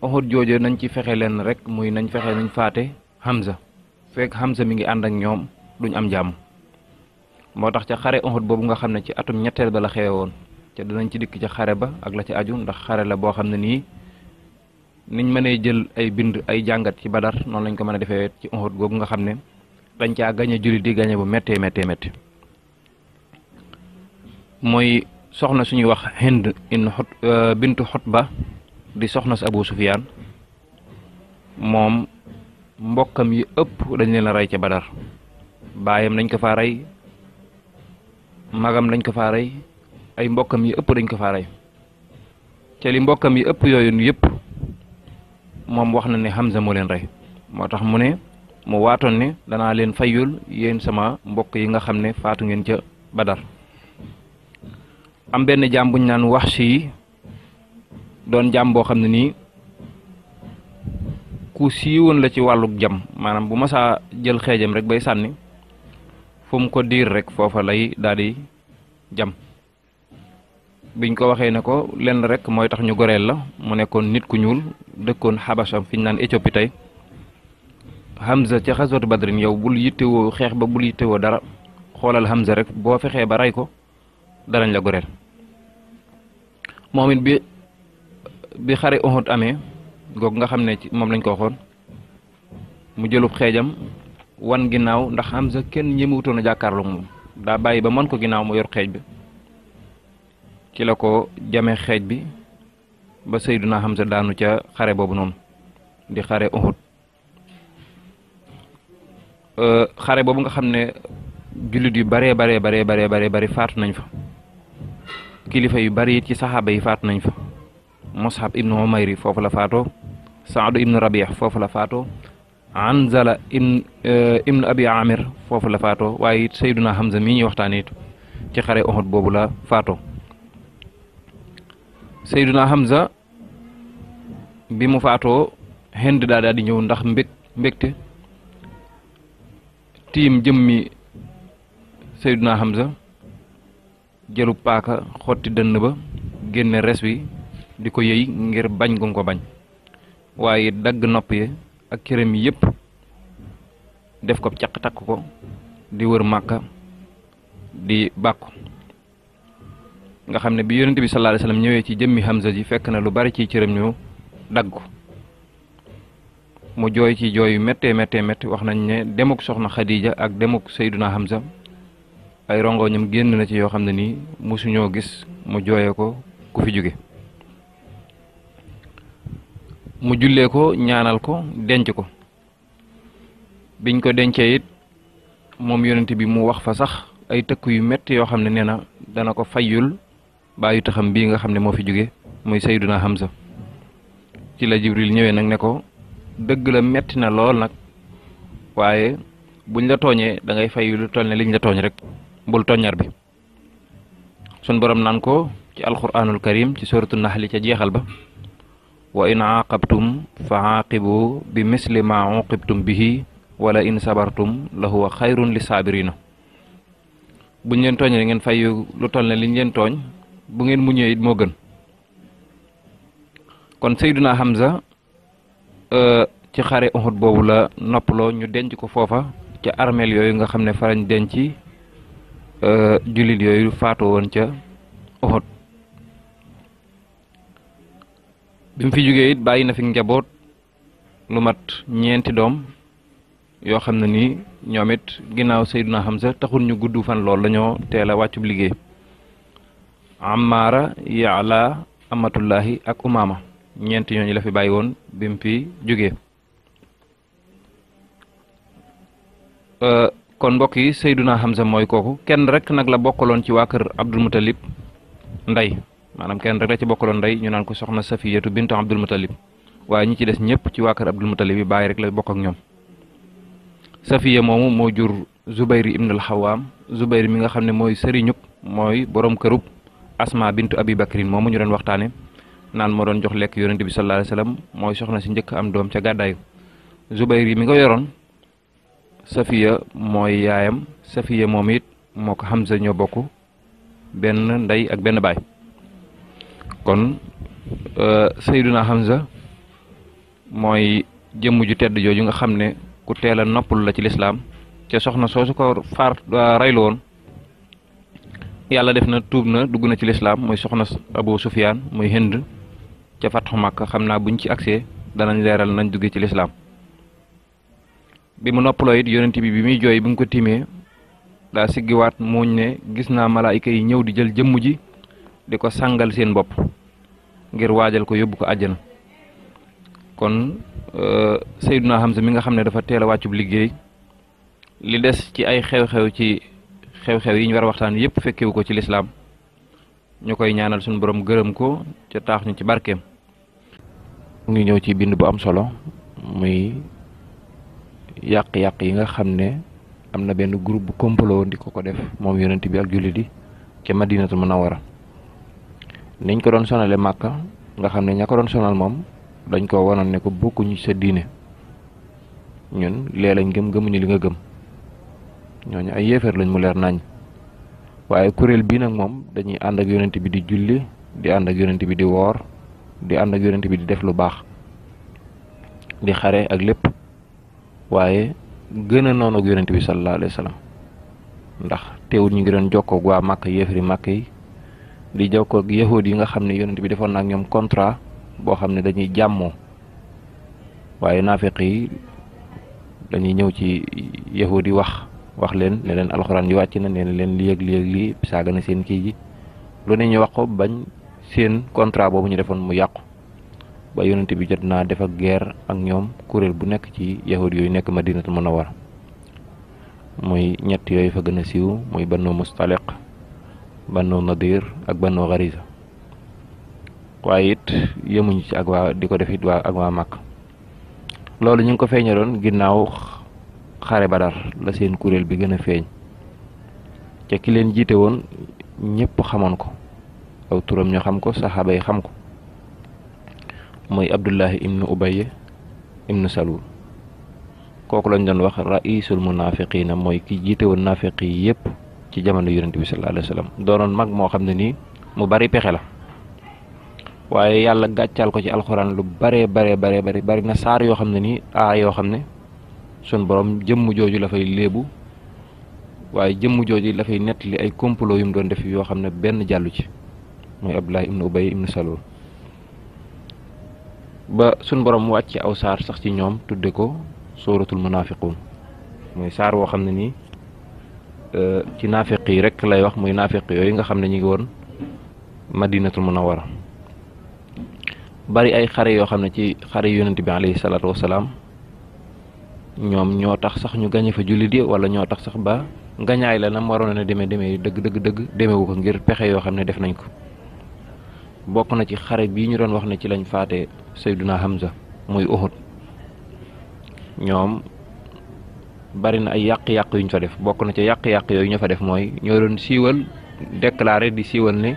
Uhud jooju nañ ci fexe leen rek muy nañ fexe nañ faate Hamza fekk Hamza mi ngi ànd ak ñoom duñ am jàmm moo tax ca xare Uhud boobu nga xam ne ci atum ñetteel ba la xewe woon te danañ ci dikk ca xare ba ak la ci aju ndax xare la boo xam ne nii niñ mëne jël ay bind ay jangat ci badar non lañ ko mëna défé ci Uhud gog nga xamné dañ ca gagné julli di gagné bu metté metté metté moy soxna suñu wax hind in hut euh, bintu hutba di soxna abu sufyan mom mbokam yi ëpp dañ leen ray ci badar bayam dañ ko fa ray magam dañ ko fa ray ay mbokam yi ëpp dañ ko fa ray ci li mbokam yi ëpp yoyun yëpp mom wax na ne Hamza mo len ray motax mu ne mu waton ne dana len fayul yeen sama mbok yi nga xamne fatu ngeen ci Badar am ben jam buñ nan wax ci don jam bo xamne ni ku siiwoon la ci walu jam manam bu massa jël xeejam rek bay sanni fum ko dir rek fofa lay dadi jam biñ ko waxee ne ko lenn rek mooy tax ñu goreel la mu nekkoon nit ku ñuul dëkkoon xabasam fi ñu naan Éthiopie tey Hamza ca xaswatu badrin yow bul yittewoo xeex ba bul yittewoo dara xoolal Hamza rek boo fexee ba rey ko danañ la goreel moom it bi bi xare Uhud amee goog nga xam ne ci moom lañ ko waxoon mu jëlu xeejam wan ginnaaw ndax Hamza kenn ñemewutoon a jàkkaarloo moom daa bàyyi ba man ko ginnaaw mu yor xeej bi ci lako jame xej bi ba sayyiduna Hamza daanu ca xare bobu non di xare Uhud euh xare bobu nga xamne julit yu bare bare bare bare bare bare faatu nañ fa kilifa yu bare ci sahaba yi faatu nañ fa mushab ibnu Umayr fofu la fato sa'd ibnu rabi' fofu la fato Anzala ibn ibnu Abi Amir foofu la faatoo waaye it Seydina Hamza mii ñuy waxtaan it ci xare Uhud boobu la faatoo xam sa bi mu faatoo Hind daa daal di ñëw ndax mbég mbégte tiim jëmmi xam sa jëlu paaka xotti dënn ba génne res wi di ko yëy ngir bañ gum ko bañ waaye dagg nopp yi ak këram yi yëpp def ko caq takk ko di wër màkka di bàkku nga xam ne bi yonent bi sallallahu alayhi ñëwee ci jëmmi Hamza ji fekk na lu bari ci cëram ñu dagg mu jooy ci jooy yu méttee méttee métti wax nañ ne demuk soxna Khadija ak demuk Seyduna Hamza ay rongoñam génn na ci yoo xam ne nii mosuñoo gis mu jooyee ko ku fi jóge mu jullee ko ñaanal ko denc ko biñ ko dencee it moom yonent bi mu wax fa sax ay tëkk yu mett yoo xam ne nee na dana ko fayul bàyyu taxam bii nga xam ne moo fi jóge muy xam Hamza ci la Jibril ñëwee nag ne ko dëgg la metti na lool nag waaye buñ la tooñee dangay ngay fay lu toll ne liñ la tooñ rek bul toññar bi sun boroom naan ko ci alquranul karim ci suratu naxli ca jeexal ba wa in aaqabtum fa aaqibu bi misli ma uqibtum bihi wala in sabartum la huwa xayrun li saabirina buñ leen tooñee ngeen fay lu toll ne liñ leen tooñ bu ngeen mu muñee it moo gën kon Seydina Hamza euh, ci xare Uhud boobu la noppaloo ñu denc ko foofa ca armeel yooyu nga xam ne farañ denc euh, jullit yooyu faatu woon ca Uhud bi fi jógee it bàyyi na fi njaboot lu mat ñeenti doom yoo xam ne nii ñoom it ginnaaw xam sa taxul ñu gudd fan lool la ñoo teel a wàccub liggéey Ammaara Yaala Amatullahi ak Umaama ñeent ñooñu la fi bàyyi woon bi mu fi jógee euh, kon mbokk yi Seyduna Hamza mooy kooku kenn rek nag la bokkaloon ci waa kër Abdul Mutalib ndey maanaam kenn rek la ci bokkaloon ndey ñu naan ko soxna Safiyatu bintu Abdul Mutalib waaye ñi ci des ñëpp ci waa kër Abdul Mutalib yi rek la bokk ak ñoom Safiya moomu moo jur Zubayr ibn Xawaam Zubayr mi nga xam ne mooy sëriñub mooy borom kërub asma bintu abi bakrin moomu ñu doon waxtaane naan moo doon jox lekk yonente bi sallallahu alayhi wasallam mooy soxna si njëkk am doom ca gàddaayu zubayr yi mi nga yoroon safiya mooy yaayam safiya moom it moo ko Hamza ñoo bokk benn ndey ak benn baay kon euh, sayduna Hamza mooy jëmm ju tedd jooju nga xam ne ku teel a la ci lislaam ca soxna soosu ko faar euh, raylu woon yàlla def na tuub na dugg na ci lislaam muy soxna Abu Sufyaan muy Hind ca fatxu Màkka xam naa buñ ci agsee danañ leeral nañ duggee ci lislaam bi mu noppaloo it yonent bi bi muy jooy bi mu ko tiimee daa siggiwaat muuñ ne gis naa malaayika yi ñëw di jël jëmm ji di ko sàngal seen bopp ngir waajal ko yóbbu ko àjjana kon euh, Seydunaa Hamza mi nga xam ne dafa teel a wàccub liggéey li des ci ay xew-xew ci xew-xew yi ñu war waxtaan yépp wu ko ci l'islam ñu koy ñaanal suñu borom gërëm ko ca taax ñu ci barkeem ngi ñëw ci bind bu am solo muy yàq-yàq yi nga xam ne am na benn groupe bu komplo di ko ko def moom yonent bi ak julli di ca madinatul munawara niñ ko doon sonale màkka nga xam ne ña ko doon sonal moom dañ ko wanoon ne ko bokkuñu sa diine ñun léeg lañ gëm gëmuñu li nga gëm ñooñu ay yéefar lañ mu leer nañ waaye kuréel bii nag moom dañuy ànd ak yonent bi di julli di ànd ak yonent bi di woor di ànd ak yonent bi di def lu baax di xare ak lépp waaye gën a noonu ak yonent bi sallallahu alayhi wa sallam ndax teewul ñu ngi doon jokkook waa màkk yéefari màkk yi di jokkoo ak yahud yi nga xam ne yonent bi defoon na ñoom contrat boo xam ne dañuy jàmmoo waaye naafiq yi dañuy ñëw ci yahud yi wax wax leen ne leen alxuraan yi wàcc na ne leen li ak li ak li saaga na seen kii ji lu ne ñu wax ko bañ seen contrat boobu ñu defoon mu yàqu ba yonente bi jot naa def ak guerre ak ñoom kuréel bu nekk ci yahud yooyu nekk munawwar muy ñett yooyu fa gën a siiw muy banu mustaliq banu nadir ak banu gharisa waaye it yemuñ ci ak waa di ko def it waa ak waa màkk loolu ñu ko ginnaaw xare badar la seen kurel bi gëna a feeñ ca ki leen jité won ñepp xamoon ko aw turam ñu xam ko sahaba yi xam ko moy abdullah ibnu ubay ibnu salul koku lañ doon wax raisul munafiqin moy ki jité won nafiqi yépp ci jamono yonente bi sallallahu alayhi wasallam doonoon mag mo xamne ni mu bari pexé la waye yalla gatchal ko ci alquran lu bare bare bare bari bari na sar yo xamne ni nii yo xamne sun borom jëmm jooju la fay léebu waaye jëmm jooju la fay nettali ay complot yu mu doon def yoo xam ne benn jàllu ci mooy Abdullah ibnu Ubay ibnu saloo ba sun borom wàcc aw saar sax ci ñoom tudde ko sóoratul munaafiquun mooy saar woo xam ne nii euh, ci naafiq yi rek lay wax muy naafiq yooyu nga xam ne ñu ngi woon madinatul wara bari ay xare yoo xam ne ci xare yonent bi alayhi salaatu wasalaam ñoom ñoo tax sax ñu gañe fa jullit yi wala ñoo tax sax ba ngañaay la nam waroon a na deme deme dëgg dëgg dëgg demewu ko ngir pexe yoo xam ne def nañ ko bokk na ci xare bii ñu doon wax ne ci lañ faate Seyduna Hamza muy Uhud ñoom bari na ay yàq-yàq yu fa def bokk na ci yàq-yàq yooyu ñoo fa def mooy ñoo doon siiwal déclaré di siiwal ne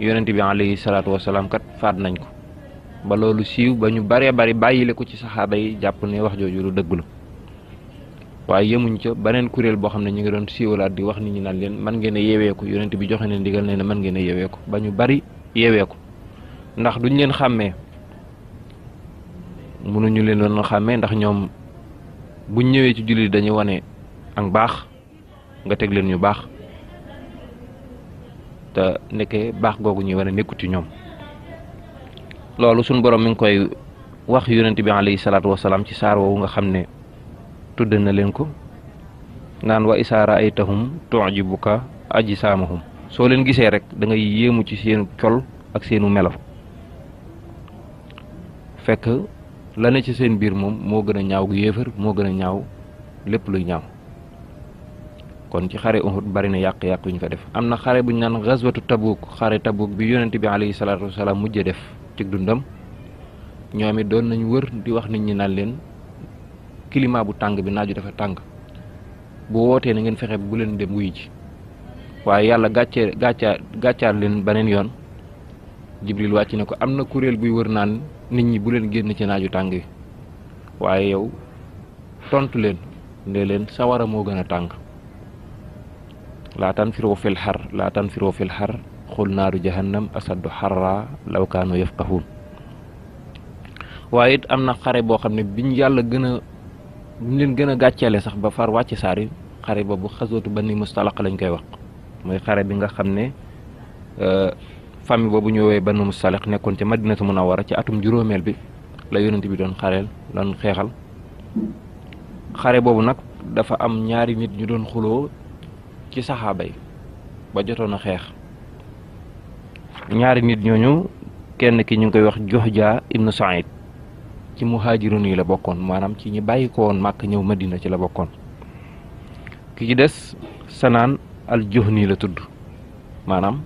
yonent bi alayhi salaatu wasalaam kat faat nañ ko ba loolu siiw ba ñu baree bari bàyyile ko ci saxaar yi jàpp ne wax jooju lu dëgg la waaye yemuñ ca beneen kuréel boo xam ne ñu ngi doon siiwalaat di wax nit ñi naa leen man ngeen a yeewee ko yonent bi joxe ne ndigal ne man ngeen a yeewee ko ba ñu bari yeewee ko ndax duñ leen xàmmee mënuñu leen doon xàmmee ndax ñoom buñ ñëwee ci jullit dañuy wane ak baax nga teg leen ñu baax te nekkee baax googu ñuy wane nekkut ci ñoom. loolu suñ borom mi ngi koy wax yonent bi alayhi salaatu wasalaam ci saar woowu nga xam ne tudda na leen ko naan wa ay isaa raaytahum aji ajsaamahum soo leen gisee rek da ngay yéemu ci seenu col ak seenu melo fekk la ne ci seen biir moom moo gën a ñaaw gu yéefar moo gën a ñaaw lépp luy ñaaw kon ci xare Uhud bari na yàq-yàq yu ñu fa def am na xare bu ñu naan gazwatu Tabuk xare Tabuk bi yonent bi alayhi salaatu wasalaam mujje def ci dundam ñoom it doon nañ wër di wax nit ñi naan leen climat bu tàng bi naaju dafa tàng bu wootee na ngeen fexe bu leen dem wuy ji waaye yàlla gàccee gàccaar gàccaar leen beneen yoon jibril wàcc ne ko am na kuréel buy wër naan nit ñi bu leen génn ci naaju tàng bi waaye yow tontu leen ne leen sawara moo gën a tàng laa tan firoo fil xar laa tan firoo fil xar xul naaru jahannam asaddu xarra law kaanu yafqahuun waaye it am na xare boo xam ne biñ yàlla gën a leen gën a gàcceele sax ba far wàcc saar yi xare boobu xasootu ba ni mustalaq lañ koy wax mooy xare bi nga xam ne euh, famille boobu ñëwee banu mustalaq nekkoon ci madinatu munawara ci atum juróomeel bi la yonent bi doon xareel doon xeexal xare boobu nag dafa am ñaari nit ñu doon xuloo ci saxaaba ba jotoon a xeex ñaari nit ñooñu kenn ki ñu ngi koy wax Juhja ibnu Saïd ci mu muhaajirun yi la bokkoon maanaam ci ñi bàyyi ko woon màkk ñëw Madina ci la bokkoon ki ci des Sanaan al nii la tudd maanaam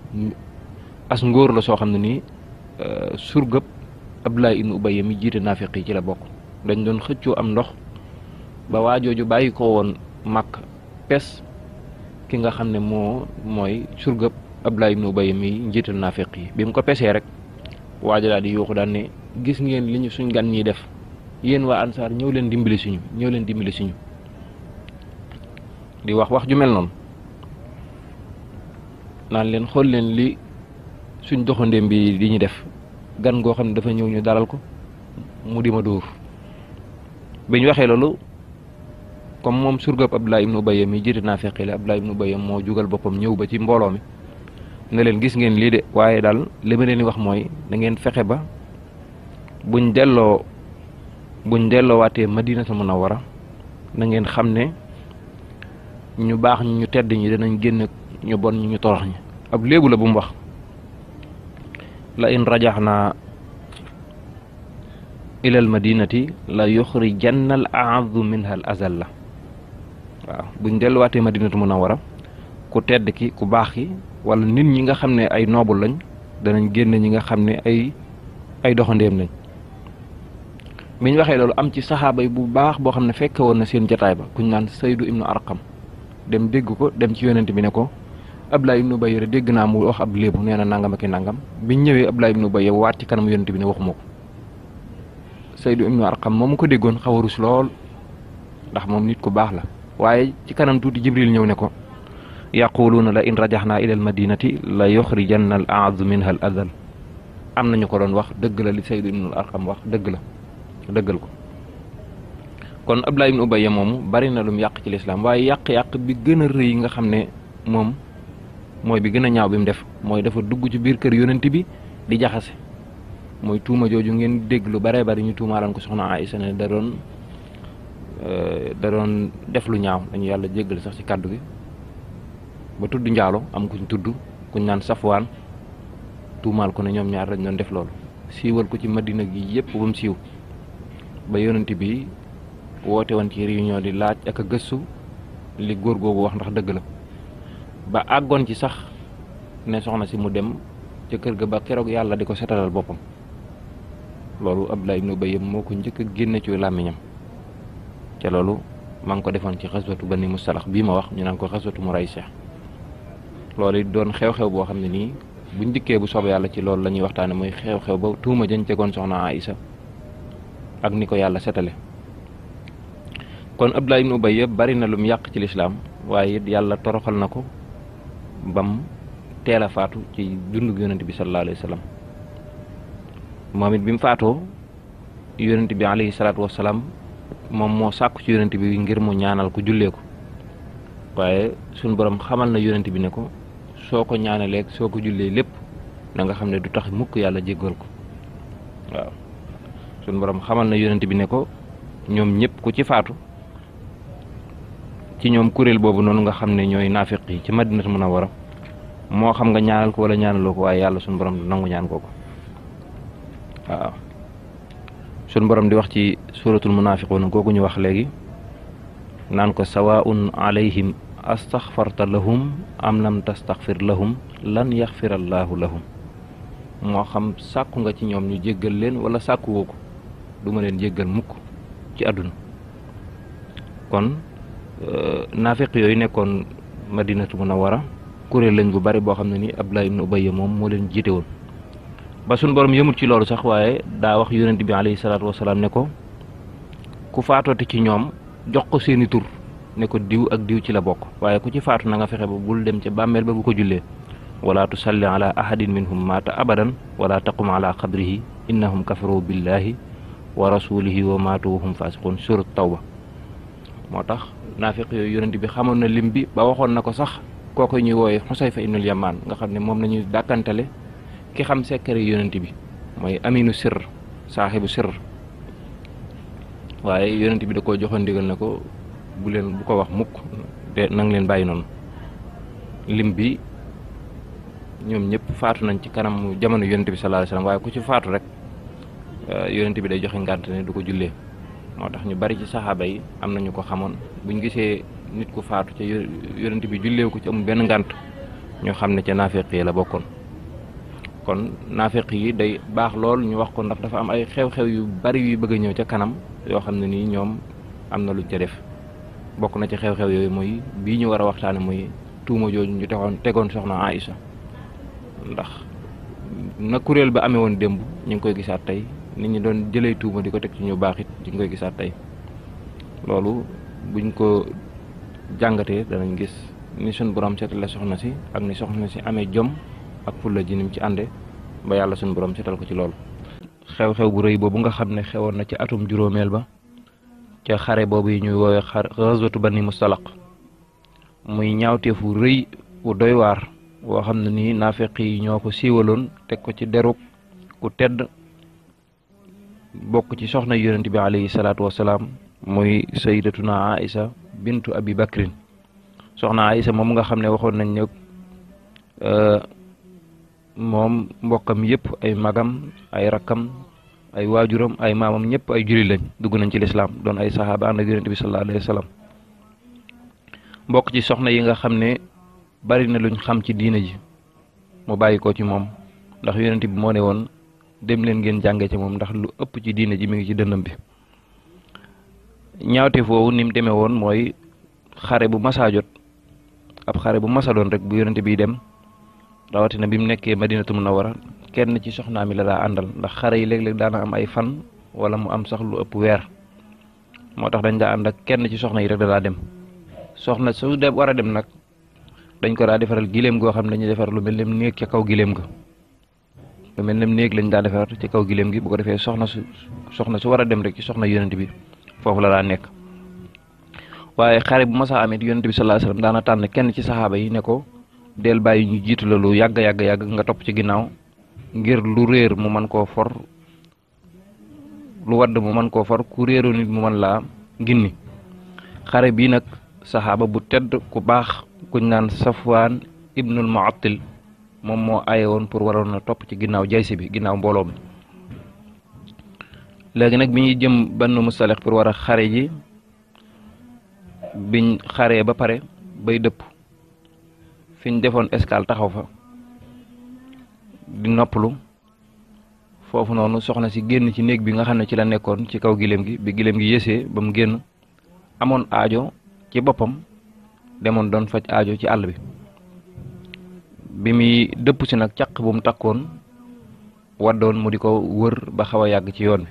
as ngóor la soo xam ne nii euh, surgëb Abdullah ibnu Ubayya mi jiite naafiq yi ci la bokk dañ doon xëccoo am ndox ba waajooju bàyyi ko woon màkk pes ki nga xam ne moo mooy surgëb abdullah ibn ubay mi njiital nafiq yi bim ko pesee rek di yuuxu daan gis ngeen liñu suñu gan ñi def yeen wa ansar ñew leen dimbali suñu ñew leen dimbali suñu di wax wax ju mel non nan leen xol leen li suñu doxandéem bi di ñi def gan go xamne dafa ñew ñu dalal ko mu di ma dóor biñ waxee lolu comme mom surgab abdullah ibn ubay mi jitt naa feqi abdullah ibn ubay mo jugal bopam ñew ba ci mbolo mi ne leen gis ngeen lii de waaye daal li ma di wax mooy da ngeen fexe ba buñ delloo buñ delloowaatee madinatul munawwara na ngeen xam ne ñu baax ñu tedd ñi danañ génn ñu bon ñu ñu torox ñi ab léebu la bu mu wax la in rajax naa ilal madinati la yuxrijanna al aadu minha al azalla waaw buñ delluwaatee a munawwara ku tedd ki ku baax ki wala nit ñi nga xam ne ay noble lañ danañ génn ñi nga xam ne ay ay doxandéem lañ bi ñu waxee loolu am ci saxaaba yi bu baax boo xam ne fekke woon na seen jataay ba kuñ naan Saydu ibnu Arqam dem dégg ko dem ci yonent bi ne ko ab laay nu ibnu Bayr dégg naa mu wax ab léebu nee na nangam ak i nangam biñ ñëwee ab Ablaay ibnu Bayr waat ci kanam yonent bi ne waxuma ko Saydu nu Arqam moom mu ko déggoon xaw a rus lool ndax moom nit ku baax la waaye ci kanam tuuti Jibril ñëw ne ko يقولون لئن رجحنا الى المدينه لا يخرجن الاعز منها الاذل امنا نيو كو دون واخ دغ لا لسيد بن الارقم واخ دغ لا دغل كو كون عبد الله بن ابي موم بارينا لوم ياق في الاسلام واي ياق ياق بي غنا ريغا خامني موم موي بي غنا نياو بيم ديف موي دافا دغ جو بير كير يونتي بي دي جاخاسي موي توما جوجو نين دغ لو باري باري ني توما لان كو سخنا عائشه ني دارون da doon def lu ñaaw dañu yàlla jéggal sax ci kàddu gi ba tuddu njaalo am kuñ tuddu kuñ naan safwan tuumaal ko ne ñoom ñaar lañ doon def loolu siiwal ko ci madina gi yépp ba mu siiw ba yonent bi woote woon ci réunion di laaj ak a gëstu li góor googu wax ndax dëgg la ba àggoon ci sax ne soxna si mu dem ca kër ga ba keroog yàlla di ko setalal boppam loolu abdoulaye ibnu bayam moo ko njëkk a génne ci làmmiñam ca loolu ko defoon ci xaswatu bani mustalax bii ma wax ñu naan ko xaswatu mu loolu it doon xew-xew boo xam ne nii buñ dikkee bu soobee yàlla ci loolu la ñuy waxtaane muy xew-xew ba tuuma jën tegoon soxna Aïsa ak ni ko yàlla setale kon Abdullah ibn Ubay yëpp bari na lum yàq ci lislaam waaye it yàlla toroxal na ko bam teel a faatu ci dundug yonent bi sallallahu alayhi wa sallam moom bi mu faatoo yonent bi alayhi salaatu wasalaam moom moo sàkku ci yonent bi ngir mu ñaanal ko jullee ko waaye suñu borom xamal na yonent bi ne ko soo ko ñaanalee soo ko jullee lépp na nga xam ne du tax mukk yàlla jéggal ko waaw suñu borom xamal na yonent bi ne ko ñoom ñëpp ku ci faatu ci ñoom kuréel boobu noonu nga xam ne ñooy naafiq yi ci a wara moo xam nga ñaanal ko wala ñaanaloo ko waaye yàlla suñu borom du nangu ñaan kooku waaw sun borom di wax ci suratul munaafiquun kooku ñu wax léegi naan ko sawaun alayhim استغفرت لهم am lam tastaghfir lahum lan yaghfir allahu lahum moo xam sàkku nga ci ñoom ñu jéggal leen wala sàkku woo ko du ma leen jéggal mukk ci àdduna kon naafiq yooyu nekkoon madinatu munawara kuréel lañ gu bari boo xam ne ni Abdullah ibn Ubayy moom moo leen jiite woon ba suñ borom yëmut ci loolu sax waaye daa wax yonent bi alayhi salaatu wasalaam ne ko ku faatooti ci ñoom jox ko seeni tur ne ko diw ak diw ci la bok waye ku ci faatu na nga fexé ba bul dem ci bammel ba bu ko julé wala tusalli ala ahadin minhum mata abadan wala taqum ala qabrihi innahum kafaru billahi wa rasulihi wa matuhum wahum fasiqun surat tawba motax nafiq yo bi xamone na limbi ba waxon nako sax kooku ñuy wooye xusayfa ibnul yaman nga xamne mom lañuy dakantale ki xam yonent bi moy aminu sir sahibu sir waye yonent bi da ko joxon digal nako bu len bu ko wax mukk te nang len bayi non lim bi ñom ñëpp faatu nañ ci kanam jamono yoonte bi sallallahu alayhi wasallam waye ku ci faatu rek euh, yoonte bi day joxe ngànt ne du ko julle motax ñu bari ci sahaba yi am na ko xamone buñu gisee nit ku faatu ci yoonte bi julle ko ci amul ben ngant ñu xamne ne nafiqi la bokkon kon nafiqi yi day bax lool ñu wax ko ndax dafa am ay xew-xew yu bari yu bëgg ñew ci kanam yo xamne ne ñom amna am ci def bokk na ci xew-xew yooyu mooy bii ñu war a waxtaane mooy tuuma jooju ñu tegoon tegoon soxna Aïcha ndax na kuréel ba amee woon démb ñu ngi koy gisaat tey nit ñi doon jëlee tuuma di ko teg ci ñu baax it ñu ngi koy gisaat tey loolu buñ ko jàngatee danañ gis ni suñ borom seetal la soxna si ak ni soxna si amee jom ak fulla ji nim ci ànde ba yàlla suñ borom seetal ko ci loolu xew-xew bu rëy boobu nga xam ne xewoon na ci atum juróomeel ba ca xare boobu yi ñuy woowee xar xaswatu bani mustalaq muy ñaawteefu rëy wu doywaar waar woo xam ne nii naafeq yi ñoo ko siiwaloon teg ko ci derub ku tedd bokk ci soxna yonent bi alayhi salaatu wasalaam muy sayidatuna aïsa bintu abi bakrin soxna aïsa moom nga xam ne waxoon nañ ne euh, moom mbokkam yépp ay magam ay rakkam ay waajuram ay maamam ñëpp ay jullit lañ dugg nañ ci lislaam doon ay saxaaba ànd ak yonente bi sallallahu alayhi wa sallam mbokk ci soxna yi nga xam ne bari na luñ xam ci diina ji mu bàyyi ko ci moom ndax yonente bi moo ne woon dem leen ngeen jànge ci moom ndax lu ëpp ci diina ji mu ngi ci dëndam bi ñaawte foofu ni mu demee woon mooy xare bu masaa jot ab xare bu masa doon rek bu yonente bi dem rawatina bi mu nekkee madinatu munawara kenn ci soxnaam mi la daa àndal ndax xare yi léeg-léeg daana am ay fan wala mu am sax lu ëpp weer moo tax dañ daa ànd ak kenn ci soxna yi rek da daa dem soxna su de war a dem nag dañ ko daa defaral giléem goo xam ne dañuy defar lu mel ne néeg kaw giléem ga lu néeg lañ daa defar ci kaw giléem gi bu defee soxna su soxna su war a dem rek ci soxna yonent bi foofu la daa nekk waaye xare bu masaa amit yonent bi sallallahu alayhi wasallam tànn kenn ci saxaaba yi ne ko del bàyyi ñu jiitu la lu yàgg yàgg yàgg nga topp ci ginnaaw ngir lu reer mu man ko for lu wad mu man ko for ku reeru nit mu man la ginni xare bi nak sahaba bu tedd ku baax kuñ naan safwaan ibnul muattil mom mo aaye woon pour waroon na ci ginnaw jaysi bi ginnaw mbooloo mi léegi nag jëm banu musalex pour wara xare ji biñ xare ba pare bay depp fiñ defoon escale taxaw fa di noppalu foofu noonu soxna si génn ci néeg bi nga xam ne ci la nekkoon ci kaw gilem gi bi gilem gi yësee ba mu génn amoon aajo ci boppam demoon doon faj aajo ci àll bi bi muy dëpp si nag caq bu mu mu di ko wër ba xaw a yàgg ci yoon bi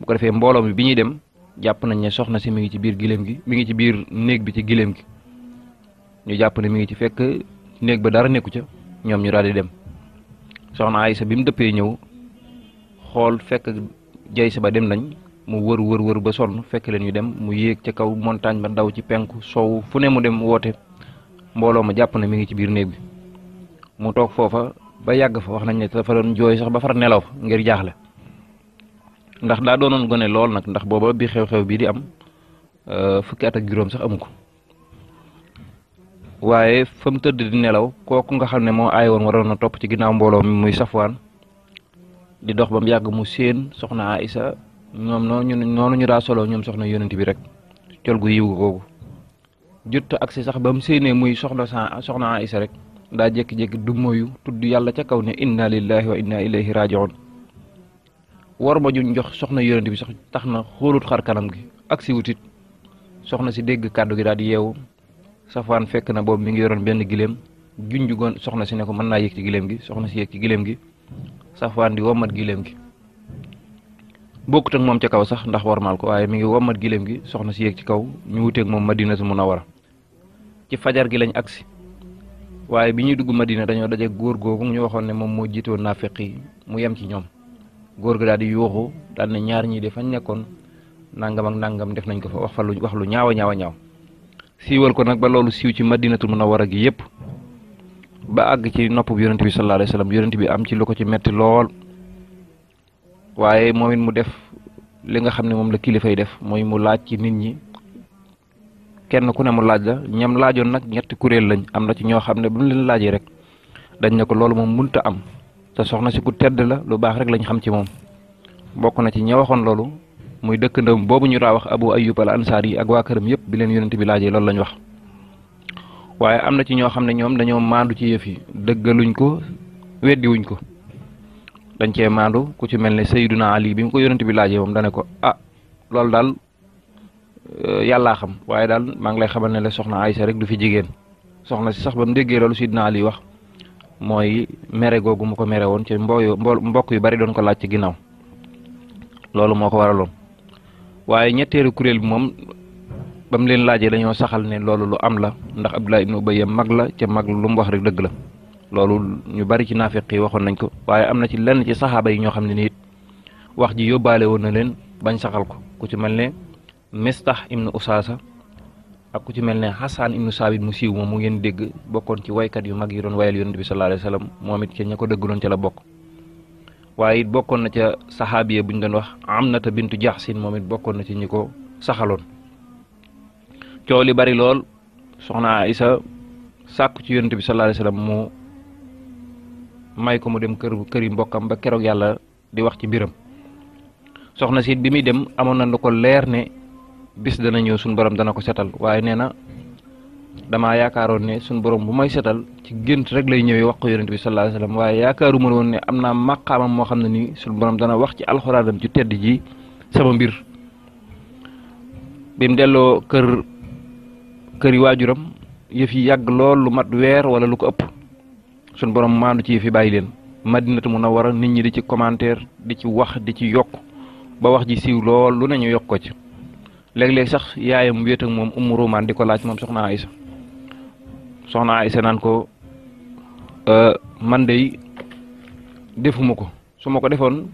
bu ko defee mbooloo bi ñuy dem jàpp nañ ne soxna si mi ngi ci biir gilem gi mi ngi ci biir néeg bi ci gilem gi ñu jàpp ne mi ngi ci fekk néeg ba dara nekku ca ñoom ñu daal di dem soxna Aysa bi mu dëppee ñëw xool fekk jaysa ba dem nañ mu wër wër wër ba sonn fekk leen yu dem mu yéeg ca kaw montagne ba daw ci penku sow fu ne mu dem woote mbooloo ma jàpp na mi ngi ci biir néeg bi mu toog foofa ba yàgg fa wax nañ ne dafa doon jooy sax ba far nelaw fa ngir jaaxle ndax daa doonoon gone lool nag ndax booba bi xew-xew bii di am euh, fukki at ak juróom sax amu ko waye fam teud di nelaw koku nga xamne mo ay won warona top ci ginaaw mbolo mi muy safwan di dox bam yag mu seen soxna aisha ñom no ñu nonu ñu daa solo ñom soxna yonent bi rek ciol gu yiw gogu jot ak ci sax bam seené muy soxna soxna aisha rek da jek jek du moyu tuddu yalla ca kaw ne inna lillahi wa inna ilayhi rajiun war ma juñ jox soxna yonent bi sax taxna xolut xar kanam gi ak si wutit soxna ci kaddu gi daal di yewu safwan fekk na bob mi ngi ben gilem juñju gon soxna ci ne ko na yek yëg ci gi soxna ci yek ci gilem gi safwan di womat gilem gi bokut ak mom ci kaw sax ndax warmal ko waye mi ngi womat gilem gi soxna ci yek ci kaw ñu wuteeg mom madinatu munawara ci fajar gi lañ aksi waye bi ñuy dugg madina dañu dajé gor gogum ñu waxon ne mom mo jitto nafiqi mu yam ci ñom gor gu daal di yuuxu daal ne ñaar ñi de fañ nekkoon nangam ak nangam def nañ ko fa wax fa lu wax lu ñaawa ñaawa ñaaw Siwal ko nak ba lolou siw ci madinatul munawwara gi yep ba ag ci nopp bi yaronte bi sallallahu alayhi wasallam yaronte bi am ci lu ci metti lol waye momin mu def li nga xam mom la kilifa def moy mu laaj ci nit ñi kenn ku ne mu laaj la ñam laajon nak ñetti kuréel lañ am na ci ño xamne leen rek dañ ne ko munta am ta soxna si ku tedd la lu baax rek lañ xam ci mom bokku na ci lolou muy ndam bobu ñu daa wax abu ayub al Ansari ak wa kërëm yëpp bi leen yonent bi laaje loolu lañ wax waaye am na ci ñoo xam ne ñoom dañoo maandu ci yëf yi dëggaluñ ko wuñ ko dañ cee maandu ku ci mel ne sayyiduna ali bi mu ko yonent bi laaje moom dane ko ah loolu daal euh, yàllaa xam waaye daal maa ngi lay xamal ne la soxna Aysa rek du fi jigéen soxna si sax ba mu déggee loolu Sidna Ali wax mooy mere googu mu ko mere woon ci mbooyu mbokk yu bari doon ko laaj ci ginnaaw loolu moo ko waaye ñetteelu kuréel bi moom ba mu leen laajee dañoo saxal ne loolu lu am la ndax Abdullah ibnu Ubayy mag la ca mag lu mu wax rek dëgg la loolu ñu bari ci naafiq yi waxoon nañ ko waaye am na ci lenn ci saxaaba yi ñoo xam ne nii wax ji yóbbaale woon na leen bañ saxal ko ku ci mel ne tax Mistah ibnu Usaasa ak ku ci mel ne Xasaan nu Saabit mu siiw moom mu ngeen dégg bokkoon ci waykat yu mag yi doon wayal yonent bi sallallahu alayhi wa sallam moom it ko dëgguloon ca la bokk waaye it bokkoon na ca saxaabiya buñ doon wax am na Amnata bintu Jaxsin moom it bokkoon na ci ñi ko saxaloon coow li bari lool soxna sa sàkku ci yonent bi sallallahu alayhi mu may ko mu dem kër kër yi mbokkam ba keroog yàlla di wax ci biram soxna siit bi muy dem amoon na lu ko leer ne bis dana ñëw sunu borom dana ko setal waaye nee damaa yaakaaroon ne suñu borom bu may setal ci gént rek lay ñëwee wax ko yonent bi sallallahu alayhi waaye yaakaaru ma ne am naa maqaamam moo xam ne nii suñu borom dana wax ci alxuraanam ju tedd ji sama mbir bi mu delloo kër kër yi waajuram yëf yi yàgg lool lu mat weer wala lu ko ëpp suñ borom maandu ci yëf yi bàyyi leen madinatu munawwara nit ñi di ci commentaire di ci wax di ci yokk ba wax ji siiw lool lu nañu ñu ko ci léeg-léeg sax yaayam wéet moom Ummu Rumaan di ko laaj soxna Aysa naan ko euh, man dey defuma ko su ma ko defoon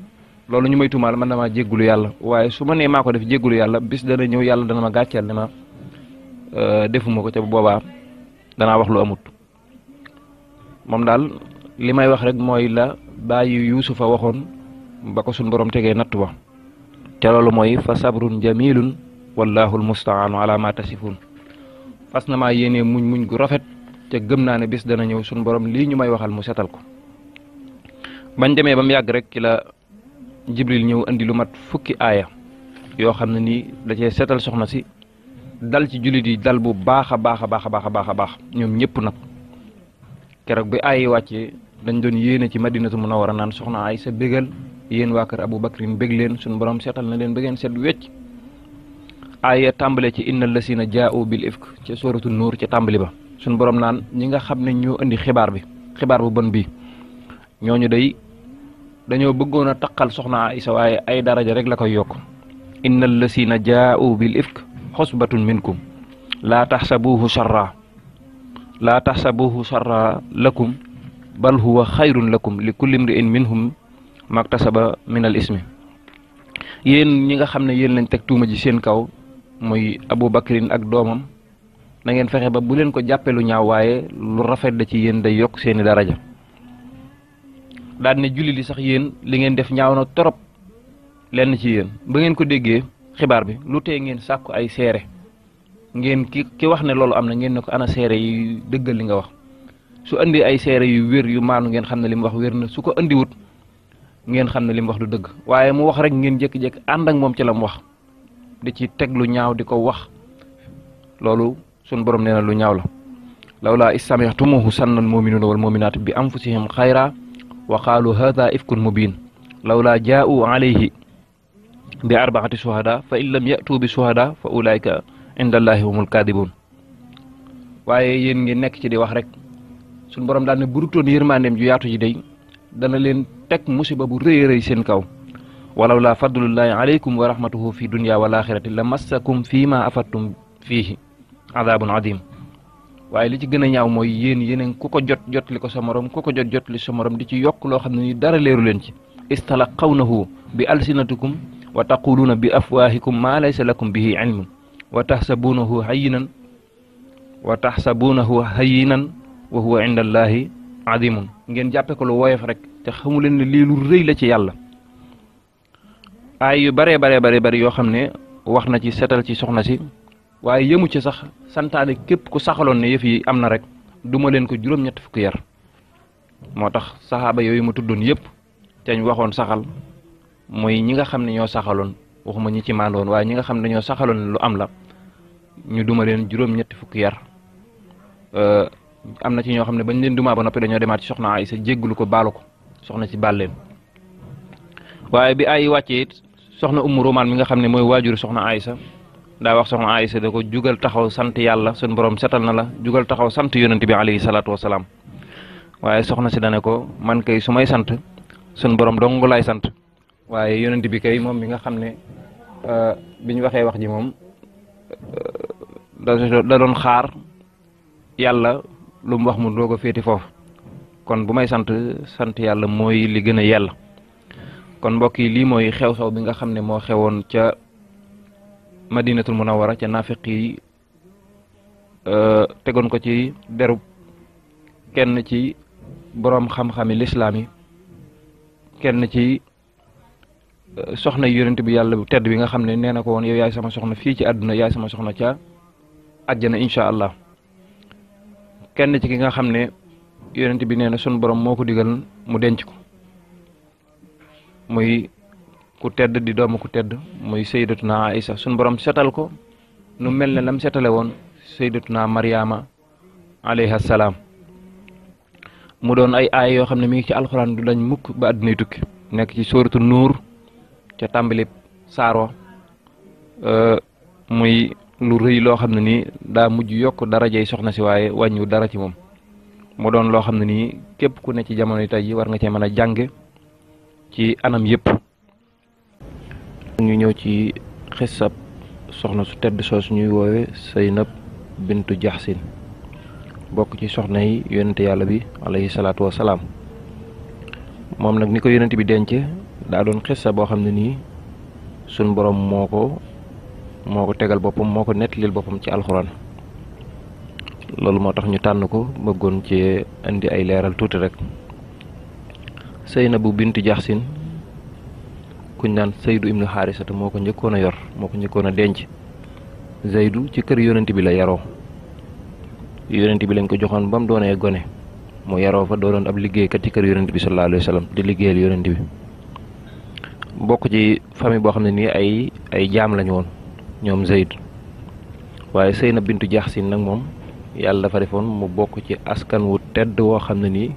loolu ñu may tuumaal man damaa jéggulu yàlla waaye su ma nee maa ko def jéggulu yàlla bis dana ñëw yàlla dana ma gàcceel ne ma euh, defuma ko ca boobaa danaa wax lu amut moom daal li may wax rek mooy la bàyyi yuusufa waxoon ba ko suñ borom tegee wa ca loolu mooy fa sabrun jamilun wallahu almustaanu ala ma tasifun fas na maa yéenee muñ muñ gu rafet te gëm naa ne bis dana ñëw suñu borom lii ñu may waxal mu setal ko bañ demee ba mu yàgg rek ki la jibril ñëw andi lu mat fukki aaya yoo xam ne nii da cee setal soxna si dal ci julit yi dal bu baax a baax a baax a baax a baax a baax ñoom ñëpp bi aaya yi wàccee dañ doon yéene ci madinatu munawara naan soxna ay sa bégal yéen waa kër abu bakrin bég leen suñu borom setal na leen ba ngeen set wecc aaya tàmbale ci innal lasina jaa'u bil ifk ca sóoratu nuur ca tàmbali ba suñu boroom naan ñi nga xam ne ñoo indi xibaar bi xibaar bu bon bi ñooñu day dañoo bëggoon a taqal soxna Aïsa waaye ay daraja rek la koy yokk innal lasina jaa'u bil ifk xusbatun minkum laa taxsabuhu charra laa taxsabuhu charra lakum bal huwa xayrun lakum li kulli mri'in minhum maktasaba min al ismi yéen ñi nga xam ne yéen lañ teg tuuma ji seen kaw muy Abu Bakrin ak doomam nangeen fexe ba bu leen ko jàppee lu ñaaw waaye lu rafet da ci yéen day yokk seeni daraja daal ne julli li sax yéen li ngeen def ñaaw na torop lenn ci yéen ba ngeen ko déggee xibaar bi lu tee ngeen sàkku ay seere ngeen ki ki wax ne loolu am na ngeen ne ko ana seere yi dëggal li nga wax su andi ay seere yu wér yu maanu ngeen xam ne li mu wax wér na su ko andiwut ngeen xam ne li wax du dëgg waaye mu wax rek ngeen jékki-jékki ànd ak moom ci la mu wax di ci teg lu ñaaw di ko wax loolu sunu borom nee na lu ñaaw la lawlaa istamehtumuhu sanna almuminuuna wal muminaat bi anfusihim xayra wa qaalu hada ifkun mubin lawlaa jaa'u alayhi bi arbaati suhada fa in lam ya'tu bi suhada fa ulaika inda allahi humul kaadibuun waaye yéen ngi nekk ci di wax rek sun borom daal ne burutoon yërmandeem ju yaatu ji day dana leen teg musiba bu rëy rëy seen kaw walaw laa alaykum wa fi dunya wal axirati la massakum fii ma afattum fiihi adaabun adim waaye li ci gën a ñaaw mooy yéen yeneen ku ko jot jot li ko sa morom ku ko jot jot li sa morom di ci yokk loo xam ne ni dara leeru leen ci istalaqawnahu bi alsinatikum wa taquluuna bi afwaahikum maa laysa lakum bihi ilmun wa taxsabuunahu hayyinan wa taxsabuunahu hayyinan wa huwa inda allahi adimun ngeen jàppe ko lu woyof rek te xamu leen ne lii lu rëy la ci yàlla ay yu bare bare bare bari yoo xam ne wax na ci setal ci soxna si waye yemu ci sax santane kep ku saxalon ne yef yi amna rek duma len ko jurom ñet fuk yar motax sahaba saxaaba mu tudon yep teñ waxon saxal moy ñi nga xam ño saxalon waxuma ñi ci mandon waye ñi nga xam ño saxalon lu am la ñu duma len jurom ñet fuk yar euh na ci ño xam bañ len duma ba nopi dañu demat ci soxna Aysa jéggul ko baalu ko soxna ci baal waye bi ay soxna mi nga moy wajuru soxna aisha daa wax soxna Aysa da ko jugal taxaw sant yàlla suñ boroom setal na la jugal taxaw sant yonent bi alayhi salaatu wasalaam waaye soxna si dane ko man kay su may sant suñ boroom dong laay sant waaye yonent bi kay moom mi nga xam ne euh, biñ waxee wax ji moom euh, da doon xaar yàlla lum wax mu doog a féeti foofu kon bu may sant sant yàlla mooy li gën a yàlla kon mbokk yi lii mooy xew-xew bi nga xam ne moo xewoon ca madinatul munawara ca naafiq yi euh, tegoon ko ci derub kenn ci boroom xam-xami lislaam yi kenn ci euh, soxna yonent bi yàlla tedd bi nga xam ne nee na ko woon yow yaay sama soxna fii ci àdduna yaay sama soxna ca àjjana incha allah kenn ci ki nga xam ne yonent bi nee na sun borom moo ko digal mu denc ko muy ku tedd di doomu ku tedd muy sayyidatuna Aïcha sun borom setal ko nu mel ne lam setale woon sayyidatuna Mariama alayha salaam mu doon ay aay yoo xam ne mi ngi ci alxuraan du lañ mukk ba àddinay tukki nekk ci sóoratu nuur ca tàmbali saaro euh, muy lu rëy loo xam ne nii daa mujj yokk darajey soxna si waaye wàññu dara ci moom mu doon loo xam ne nii képp ku ne ci jamono yi tey war nga cee mën a ci anam yëpp ñu ñëw ci xissab soxna su tedd soos ñuy woowe saynab bintu Jaxsin bokk ci soxna yi yonente yàlla bi alayhi salaatu wa salaam moom nag ni ko yonente bi denc daa doon xissa boo xam ne sun borom moo ko tegal boppam moo ko nettalil boppam ci alxuraan loolu moo tax ñu tànn ko bëggoon ci andi ay leeral tuuti rek Seynabu bintu Jaxsin kuñ naan Zaydu ibnu Xaarisata moo ko njëkkoon a yor moo ko njëkkoon a denc Zaydu ci kër yonent bi la yaroo yonent bi lañ ko joxoon ba mu doonee gone mu yaroo fa doonoon ab liggéeykat ci kër yonent bi sallallahu alayhi wa di liggéeyal yonent bi bokk ci famille boo xam ne nii ay ay jaam lañ woon ñoom Zayd waaye na bintu Jaxsin nag moom yàlla dafa defoon mu bokk ci askan wu tedd woo xam ne nii.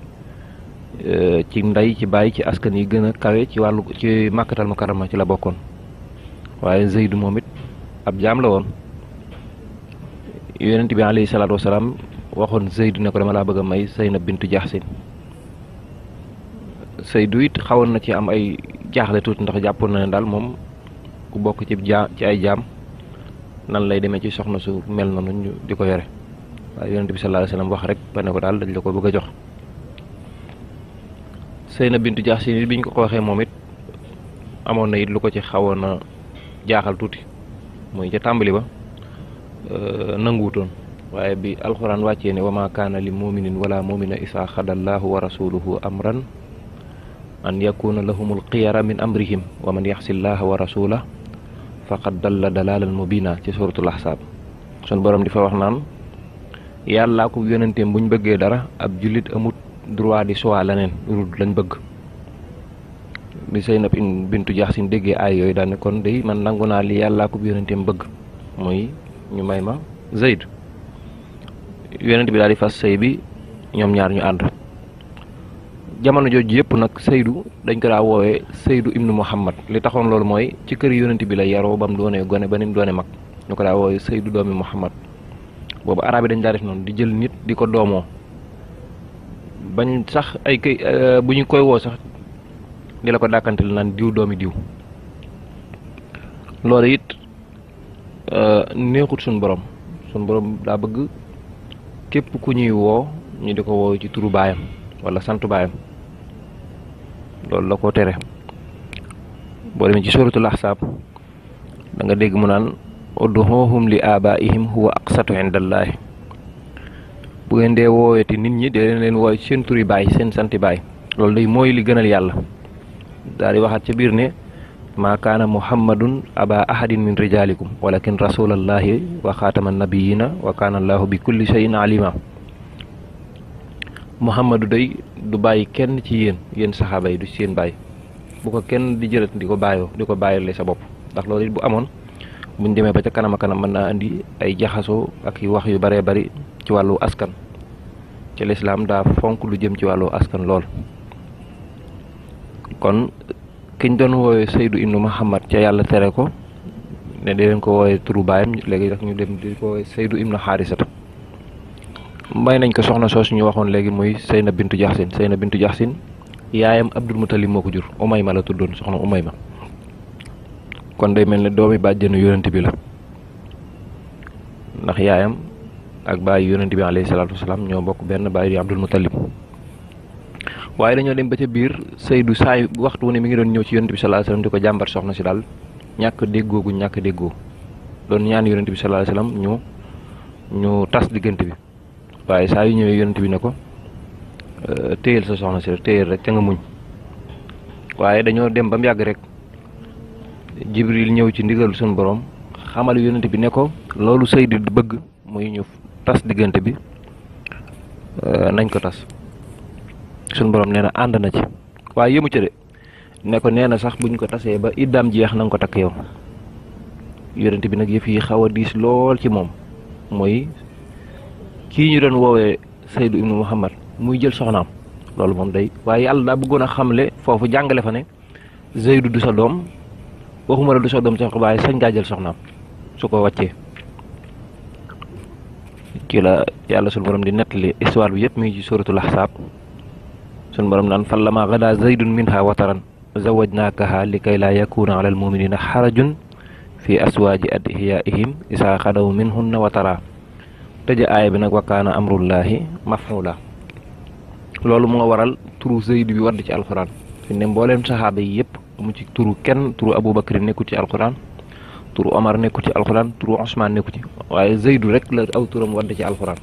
Euh, ci ndey ci bàyyi ci askan yi gën a kawe ci wàllu ci màkkatal mukarama ci la bokkoon waaye Zeydu moom it ab jaam la woon yonent bi alayhi salaatu wasalaam waxoon Zeydu ne ko dama laa bëgg a may na bintu Jaxsin Zeydu it xawoon na ci am ay jaaxle tuuti ndax jàppoon na ne daal moom ku bokk ci jaa ci ay jaam nan lay demee ci soxna su mel noonu ñu di ko yore waaye yonent bi sallallahu alayhi wax rek ba ne ko daal dañ la ko bëgg a jox Seyna Bintu Jaxsi biñ ko ko waxe momit amone na it lu ko ci xawona jaaxal tuti moy ci tambali ba euh, nanguutoon waye bi alquran wacce ne wama kana lil muminin wala mumina isa khadallahu wa rasuluhu amran an yakuna lahumul qiyara min amrihim wa man yahsil laha wa rasulah faqad dalla dalalan mubina ci suratul ahsab sun borom di wax nan yalla ko yonentem buñ beugé dara ab julit amut droit di choix leneen lañ bëgg bi Zeynab in bintu Jahsin déggee aay yooyu daal ne kon man nangu naa li yàllaa ko bi yonenteem bëgg mooy ñu may ma Zayd yonent bi daal di fas sëy bi ñoom ñaar ñu ànd jamono jooju yëpp nag Seydou dañ ko daa woowee Seydou ibnu Muhammad li taxoon loolu mooy ci kër yonent bi la yaroo bam doone gone ba ni mu mag ñu ko daa woowee Seydou doomi Muhammad boobu araab yi dañ daa noonu di jël nit di ko doomoo bañ sax ay kay eh, bu koy wo sax dila diu ko diu. nan diw domi diw loolu it eh, neexut sun borom sun borom da bëgg képp ku ñuy wo ñu diko wo ci turu bayam wala santu bayam loolu la ko téré bo demee ci suratul ahsab da nga dégg mu nan li abaihim huwa aqsatu indallahi bu ngeen dee wooweti nit ñi dee leen wooy seen turi baay seen santi baay loolu day mooy li gënal yàlla daal di waxaat ca biir ne maa kaana muhammadun aba ahadin min rijalikum walakin rasulallahi wa xaatama nabiyina wa kaana allahu bi kulli shay'in alima muhammadu day du bàyyi kenn ci yéen yéen saxaaba yi du seen bàyyi bu ko kenn di jëlat di ko bàyyoo di ko bàyyile sa bopp ndax loolu it bu amoon buñ demee ba ca kanam kanam mën naa indi ay jaxasoo ak wax yu baree bari ci wàllu askan ci lislaam daa fonk lu jëm ci wàllu askan lool kon kiñ doon woowe Seydou ibnu Muhammad ca yàlla tere ko ne di leen ko woowe turu baayam léegi nag ñu dem di ko woowe Seydou may nañ ko soxna soo su ñu waxoon léegi muy Seyna Bintu Jaxsin Seyna Bintu Jaxsin yaayam Abdul Mutalib moo ko jur Umayma la tuddoon soxna Umayma kon day mel ne doomi bàjjenu yonent bi la ndax yaayam ak baay yonent bi alayhi salatu wassalam ñoo bokk ben baay di abdul mutalib waye dañu dem ba ca bir saydu say waxtu woni mi ngi doon ñew ci yonent bi sallallahu alayhi wasallam diko ko soxna ci dal ñak deggo gu ñak deggo doon ñaan yonent bi sallallahu alayhi wasallam ñu ñu tas diggante bi waye saa yu ñëwee yonent bi nako euh teyel sa soxna ci teyel rek nga muñ waye dañu dem bam yag rek jibril ñew ci ndigal suñu borom xamal yonent bi neko lolu loolu saydu bëgg muy ñu tas diggante bi euh, nañ ko tas suñ borom nee na ànd na ci waaye yëmu ci de ne ko nee na sax buñ ko tasee ba iddaam jeex na ko takk yow yonent bi nag yëf yi xaw a diis lool ci moom mooy kii ñu doon woowee Seydou Ibnu Muhammad muy jël soxnaam loolu moom day waaye yàlla daa bëggoon a xamle foofu jàngale fa ne Seydou du sa doom waxuma la du sa doom sax waaye sañ ngaa jël soxnaam su ko wàccee. ci la yalla sun borom di netali histoire bi yep mi ci suratul ahsab sun borom nan fan lama gada minha wataran zawajnakaha likay la yakuna ala almuminina harajun fi aswaji adhiyaihim isa khadaw minhunna watara tëj ay bi nak wakana amrullahi mafula mo nga waral turu zaid bi wad ci alquran fi ne mbooleem sahaba yep mu ci turu ken turu abubakar nekku ci alquran turu Omar nekku ci alxuraan turu Ousmane nekku ci waaye Zeydu rek la aw turam wadd ci alxuraan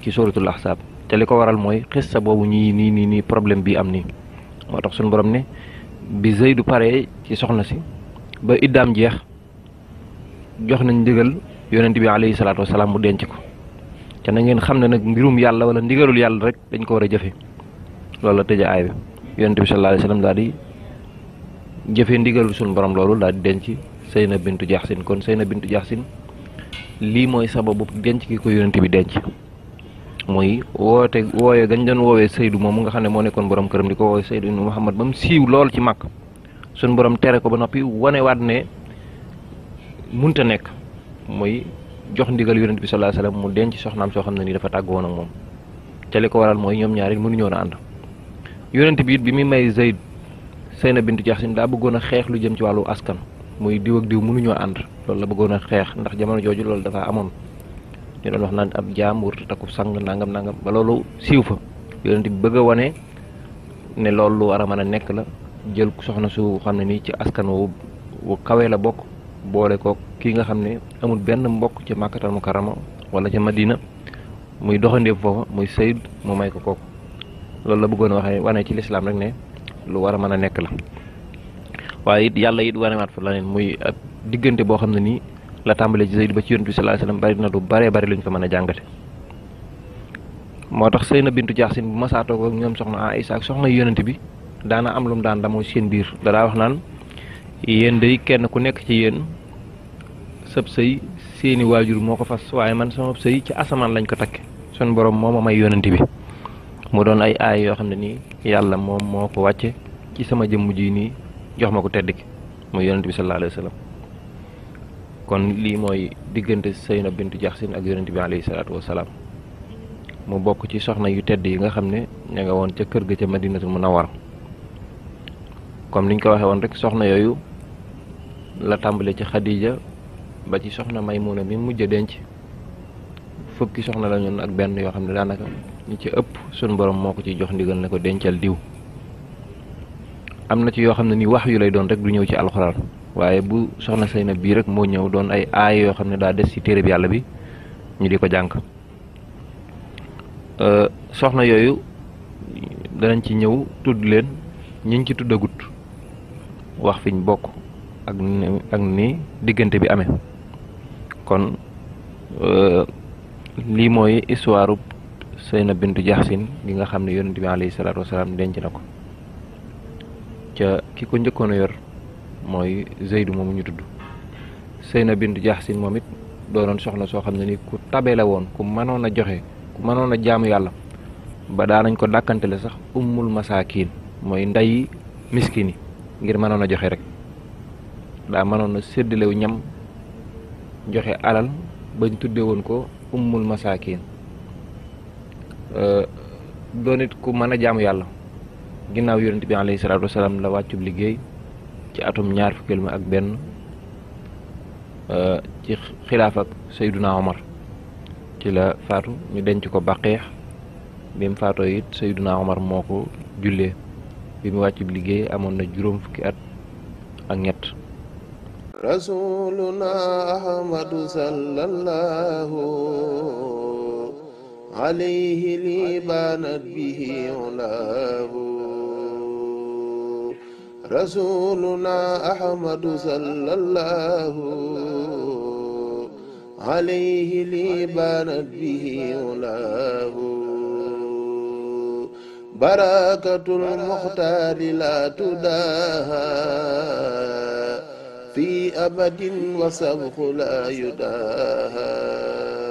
ci suratul ahsaab te li ko waral mooy sa boobu ñuy nii nii nii problème bi am nii moo tax suñu borom ne bi Zeydu pare ci soxna si ba iddaam jeex jox nañ ndigal yonent bi alayhi salaatu wasalaam mu denc ko te a ngeen xam ne nag mbirum yàlla wala ndigalul yàlla rek dañ ko war a jëfe loolu la tëja aay bi yonent bi sallallahu alayhi wasallam daal di jëfe ndigalul loolu daal di denc na Bintu Jaxsin kon na Bintu Jaxsin lii mooy sababu denc gi ko yonent bi denc mooy woote wooye gañ doon woowee saydu moom mu nga xam ne moo nekkoon boroom këram di ko woowee Seydou ibnu Muhammad ba mu siiw lool ci mag suñ borom tere ko ba noppi wanewaat ne munta nekk mooy jox ndigal yonent bi sallallahu alayhi mu denc soxnaam soo xam ne nii dafa tàggoon ak moom te li ko waral mooy ñoom ñaari mënuñoo a ànd yonent bi it bi muy may say Seyna Bintu Jaxsin daa bëggoon a xeex lu jëm ci wàllu askan muy diw ak diw mënuñoo ànd loolu la bëggoon a xeex ndax jamono jooju loolu dafa amoon ñu doon wax naan ab jaam wurtu takku sang nangam nangam ba loolu siiw fa yonent bi bëgg wane ne loolu lu war a mën a nekk la jël soxna su xam ne nii ci askan wu kawee la bokk boole ko kii nga xam ne amul benn mbokk ci màkkatal karama wala ca madina muy doxandéem foofa muy sayid mu may ko kooku loolu la bëggoon a waxee wane ci lislaam rek ne lu war a mën a nekk la waaye it yàlla it wane fa leneen muy ab uh, diggante boo xam ne nii la tàmbalee ci Zayd ba ci yonent bi sallallahu alayhi wasallam bari na lu bare bari luñ fa mën a jàngate na tax Seyna Bintu Jaasin bu masaatoo ko ñoom soxna Aïssa ak soxna yonent bi daana am lu mu daan damoo seen nan, dadaa wax naan yéen day kenn ku nekk ci yéen sab seeni fas waaye man sama sëy ci asamaan lañ ko takke sun borom moo ma may yonent bi mu doon ay aay yoo xam ne nii yàlla moom moo ko ci sama ji jox ma ko tedd ki muy yonent bi sallallahu alayhi wa kon lii mooy diggante Seynab bintu Jaxsin ak yonent bi alayhi salaatu wa salaam mu bokk ci soxna yu tedd yi nga xam ne ña nga woon ca kër ga ca Madinatul Munawwara comme liñ ko waxee woon rek soxna yooyu la tàmbale ca Xadija ba ci soxna Maymuna mi mujj a denc fukki soxna la ñun ak benn yoo xam ne daanaka ñu ci ëpp suñu borom moo ko ci jox ndigal na ko dencal diw am na ci yoo xam ne ni wax yu lay doon rek du ñëw ci alxuraan waaye bu soxna na bii rek moo ñëw doon ay aay yoo xam ne daa des ci téere bi yàlla bi ñu di ko jàng euh, soxna yooyu danañ ci ñëw tudd leen ñiñ ci tuddagut wax fiñ bokk ak ni diggante bi amee kon euh, lii mooy histoire Seynab bintu Jaxsin gi nga xam ne yonent bi alayhi salaatu wasalaam denc na ko ca ki ko njëkkoon a yor mooy Zeydu moomu ñu tudd Seyna bint Jaxsin moom it doonoon soxna soo xam ne ni ku tabe la woon ku mënoon a joxe ku mënoon a jaamu yàlla ba daanañ ko dàkkantele sax ummul masaakiin mooy nday miskin yi ngir mënoon a joxe rek daa mënoon a séddalew ñam joxe alal bañ tudde woon ko ummul masaakiin doon it ku mën a jaamu yàlla ginnaw yonent bi alayhi salatu wassalam la waccu liggey ci atum ñaar fukel ma ak ben euh ci khilafa sayyiduna umar ci la fatu ñu denc ko baqih bim fatu yit sayyiduna umar moko julle bim waccu liggey amon na juróom fukki at ak ñet rasuluna ahmad sallallahu عليه لي بانت به علاه رسولنا أحمد صلى الله عليه لي به علاه بركة المختار لا تداها في أبد وسبق لا يداها